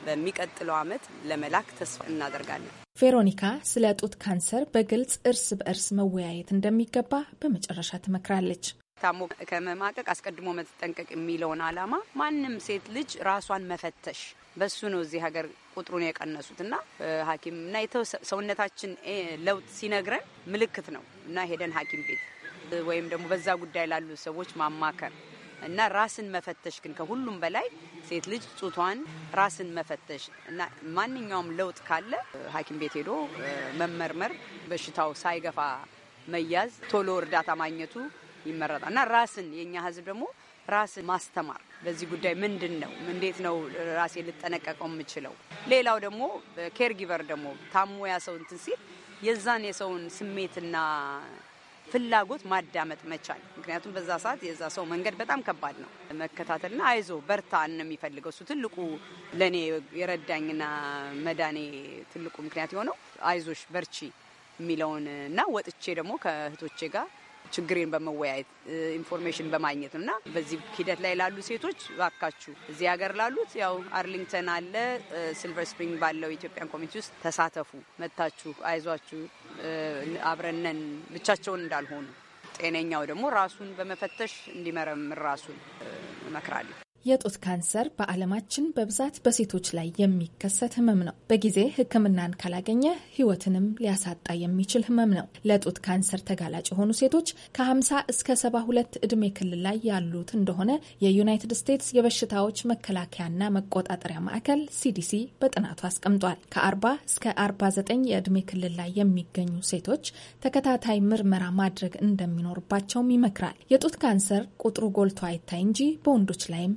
በሚቀጥለው አመት ለመላክ ተስፋ እናደርጋለን። ቬሮኒካ ስለ ጡት ካንሰር በግልጽ እርስ በእርስ መወያየት እንደሚገባ በመጨረሻ ትመክራለች። ታሞ ከመማቀቅ አስቀድሞ መጠንቀቅ የሚለውን አላማ ማንም ሴት ልጅ ራሷን መፈተሽ በሱ ነው እዚህ ሀገር ቁጥሩን የቀነሱት እና ሐኪም እና ሰውነታችን ለውጥ ሲነግረን ምልክት ነው እና ሄደን ሐኪም ቤት ወይም ደግሞ በዛ ጉዳይ ላሉ ሰዎች ማማከር እና ራስን መፈተሽ ግን ከሁሉም በላይ ሴት ልጅ ጡቷን ራስን መፈተሽ እና ማንኛውም ለውጥ ካለ ሐኪም ቤት ሄዶ መመርመር፣ በሽታው ሳይገፋ መያዝ፣ ቶሎ እርዳታ ማግኘቱ ይመረጣል እና ራስን የእኛ ህዝብ ደግሞ ራስን ማስተማር በዚህ ጉዳይ ምንድን ነው፣ እንዴት ነው ራሴ ልጠነቀቀው የምችለው። ሌላው ደግሞ ኬርጊቨር ደግሞ ታሞ ያ ሰው እንትን ሲል የዛን የሰውን ስሜትና ፍላጎት ማዳመጥ መቻል። ምክንያቱም በዛ ሰዓት የዛ ሰው መንገድ በጣም ከባድ ነው መከታተልና፣ አይዞ በርታ ነው የሚፈልገው እሱ። ትልቁ ለእኔ የረዳኝና መዳኔ ትልቁ ምክንያት የሆነው አይዞሽ በርቺ የሚለውን እና ወጥቼ ደግሞ ከእህቶቼ ጋር ችግሬን በመወያየት ኢንፎርሜሽን በማግኘት እና በዚህ ሂደት ላይ ላሉ ሴቶች ባካችሁ እዚህ ሀገር ላሉት ያው አርሊንግተን አለ ሲልቨር ስፕሪንግ ባለው ኢትዮጵያን ኮሚኒቲ ውስጥ ተሳተፉ፣ መታችሁ፣ አይዟችሁ፣ አብረነን ብቻቸውን እንዳልሆኑ ጤነኛው ደግሞ ራሱን በመፈተሽ እንዲመረምር ራሱን እመክራለሁ። የጡት ካንሰር በዓለማችን በብዛት በሴቶች ላይ የሚከሰት ህመም ነው። በጊዜ ሕክምናን ካላገኘ ህይወትንም ሊያሳጣ የሚችል ህመም ነው። ለጡት ካንሰር ተጋላጭ የሆኑ ሴቶች ከ50 እስከ 72 እድሜ ክልል ላይ ያሉት እንደሆነ የዩናይትድ ስቴትስ የበሽታዎች መከላከያና መቆጣጠሪያ ማዕከል ሲዲሲ በጥናቱ አስቀምጧል። ከ40 እስከ 49 የእድሜ ክልል ላይ የሚገኙ ሴቶች ተከታታይ ምርመራ ማድረግ እንደሚኖርባቸውም ይመክራል። የጡት ካንሰር ቁጥሩ ጎልቶ አይታይ እንጂ በወንዶች ላይም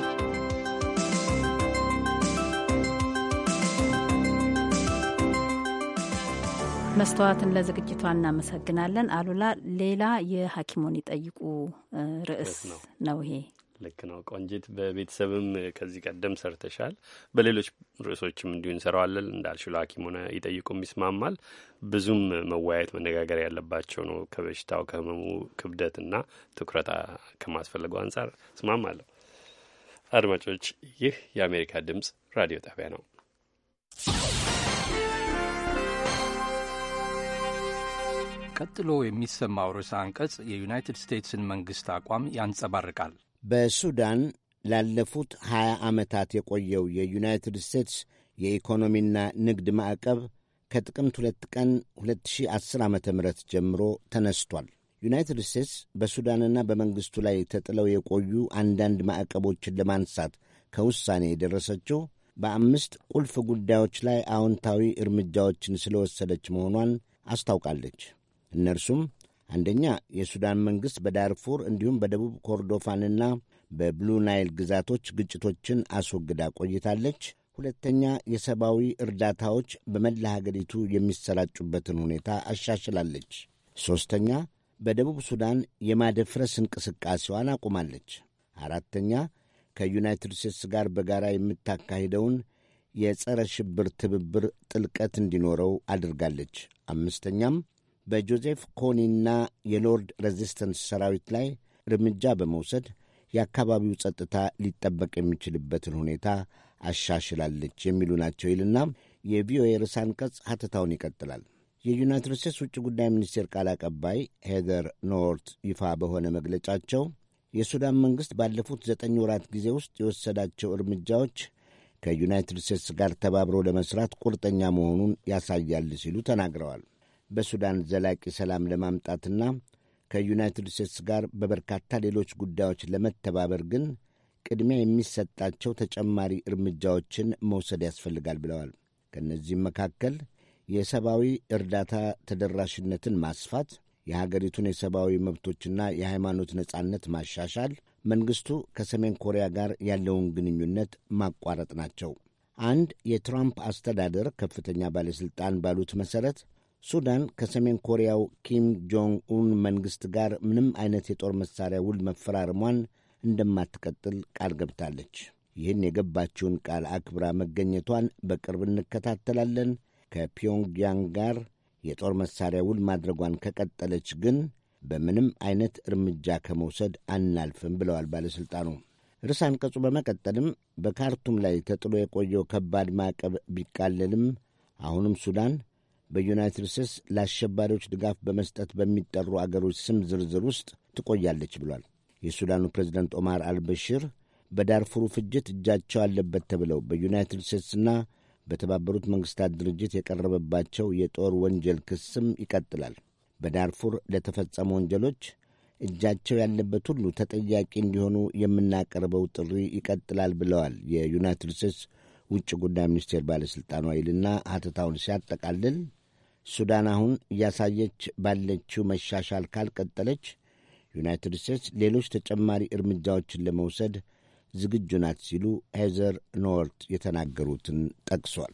መስተዋትን ለዝግጅቷ እናመሰግናለን። አሉላ፣ ሌላ የሀኪሙን ይጠይቁ ርዕስ ነው ይሄ። ልክ ነው ቆንጂት፣ በቤተሰብም ከዚህ ቀደም ሰርተሻል። በሌሎች ርዕሶችም እንዲሁ እንሰራዋለን። እንዳልሽው ለሐኪሙን ይጠይቁም ይስማማል። ብዙም መወያየት መነጋገር ያለባቸው ነው። ከበሽታው ከህመሙ ክብደትና ትኩረት ከማስፈለጉ አንጻር እስማማለሁ። አድማጮች፣ ይህ የአሜሪካ ድምጽ ራዲዮ ጣቢያ ነው። ቀጥሎ የሚሰማው ርዕሰ አንቀጽ የዩናይትድ ስቴትስን መንግሥት አቋም ያንጸባርቃል። በሱዳን ላለፉት 20 ዓመታት የቆየው የዩናይትድ ስቴትስ የኢኮኖሚና ንግድ ማዕቀብ ከጥቅምት 2 ቀን 2010 ዓ ም ጀምሮ ተነስቷል። ዩናይትድ ስቴትስ በሱዳንና በመንግሥቱ ላይ ተጥለው የቆዩ አንዳንድ ማዕቀቦችን ለማንሳት ከውሳኔ የደረሰችው በአምስት ቁልፍ ጉዳዮች ላይ አዎንታዊ እርምጃዎችን ስለወሰደች መሆኗን አስታውቃለች። እነርሱም አንደኛ የሱዳን መንግሥት በዳርፉር እንዲሁም በደቡብ ኮርዶፋንና በብሉ ናይል ግዛቶች ግጭቶችን አስወግዳ ቆይታለች። ሁለተኛ የሰብአዊ እርዳታዎች በመላ ሀገሪቱ የሚሰራጩበትን ሁኔታ አሻሽላለች። ሦስተኛ በደቡብ ሱዳን የማደፍረስ እንቅስቃሴዋን አቁማለች። አራተኛ ከዩናይትድ ስቴትስ ጋር በጋራ የምታካሂደውን የጸረ ሽብር ትብብር ጥልቀት እንዲኖረው አድርጋለች። አምስተኛም በጆዜፍ ኮኒና የሎርድ ሬዚስተንስ ሰራዊት ላይ እርምጃ በመውሰድ የአካባቢው ጸጥታ ሊጠበቅ የሚችልበትን ሁኔታ አሻሽላለች የሚሉ ናቸው ይልና የቪኦኤ ርዕሰ አንቀጽ ሐተታውን ይቀጥላል። የዩናይትድ ስቴትስ ውጭ ጉዳይ ሚኒስቴር ቃል አቀባይ ሄደር ኖርት ይፋ በሆነ መግለጫቸው የሱዳን መንግሥት ባለፉት ዘጠኝ ወራት ጊዜ ውስጥ የወሰዳቸው እርምጃዎች ከዩናይትድ ስቴትስ ጋር ተባብሮ ለመስራት ቁርጠኛ መሆኑን ያሳያል ሲሉ ተናግረዋል። በሱዳን ዘላቂ ሰላም ለማምጣትና ከዩናይትድ ስቴትስ ጋር በበርካታ ሌሎች ጉዳዮች ለመተባበር ግን ቅድሚያ የሚሰጣቸው ተጨማሪ እርምጃዎችን መውሰድ ያስፈልጋል ብለዋል። ከእነዚህም መካከል የሰብአዊ እርዳታ ተደራሽነትን ማስፋት፣ የሀገሪቱን የሰብአዊ መብቶችና የሃይማኖት ነጻነት ማሻሻል፣ መንግሥቱ ከሰሜን ኮሪያ ጋር ያለውን ግንኙነት ማቋረጥ ናቸው። አንድ የትራምፕ አስተዳደር ከፍተኛ ባለሥልጣን ባሉት መሠረት ሱዳን ከሰሜን ኮሪያው ኪም ጆንግ ኡን መንግሥት ጋር ምንም አይነት የጦር መሣሪያ ውል መፈራረሟን እንደማትቀጥል ቃል ገብታለች። ይህን የገባችውን ቃል አክብራ መገኘቷን በቅርብ እንከታተላለን። ከፒዮንግያንግ ጋር የጦር መሣሪያ ውል ማድረጓን ከቀጠለች ግን በምንም አይነት እርምጃ ከመውሰድ አናልፍም ብለዋል ባለሥልጣኑ። ርዕሰ አንቀጹ በመቀጠልም በካርቱም ላይ ተጥሎ የቆየው ከባድ ማዕቀብ ቢቃለልም አሁንም ሱዳን በዩናይትድ ስቴትስ ለአሸባሪዎች ድጋፍ በመስጠት በሚጠሩ አገሮች ስም ዝርዝር ውስጥ ትቆያለች ብሏል። የሱዳኑ ፕሬዝደንት ኦማር አልበሽር በዳርፉሩ ፍጅት እጃቸው አለበት ተብለው በዩናይትድ ስቴትስና በተባበሩት መንግስታት ድርጅት የቀረበባቸው የጦር ወንጀል ክስም ይቀጥላል። በዳርፉር ለተፈጸሙ ወንጀሎች እጃቸው ያለበት ሁሉ ተጠያቂ እንዲሆኑ የምናቀርበው ጥሪ ይቀጥላል ብለዋል የዩናይትድ ስቴትስ ውጭ ጉዳይ ሚኒስቴር ባለሥልጣኗ ይልና ሀተታውን ሲያጠቃልል ሱዳን አሁን እያሳየች ባለችው መሻሻል ካልቀጠለች ዩናይትድ ስቴትስ ሌሎች ተጨማሪ እርምጃዎችን ለመውሰድ ዝግጁ ናት ሲሉ ሄዘር ኖርት የተናገሩትን ጠቅሷል።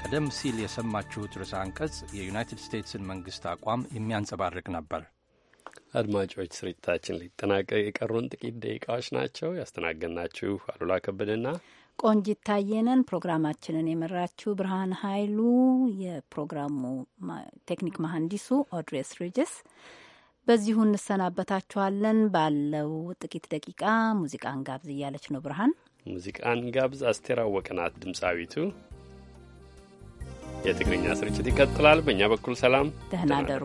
ቀደም ሲል የሰማችሁት ርዕሰ አንቀጽ የዩናይትድ ስቴትስን መንግሥት አቋም የሚያንጸባርቅ ነበር። አድማጮች ስርጭታችን ሊጠናቀቅ የቀሩን ጥቂት ደቂቃዎች ናቸው። ያስተናገድናችሁ አሉላ ከበደና ቆንጂት ታየነን፣ ፕሮግራማችንን የመራችው ብርሃን ኃይሉ፣ የፕሮግራሙ ቴክኒክ መሐንዲሱ ኦድሬስ ሪጅስ። በዚሁ እንሰናበታችኋለን። ባለው ጥቂት ደቂቃ ሙዚቃን ጋብዝ እያለች ነው ብርሃን። ሙዚቃን ጋብዝ። አስቴር አወቀናት ድምፃዊቱ። የትግርኛ ስርጭት ይቀጥላል። በእኛ በኩል ሰላም፣ ደህና ደሩ።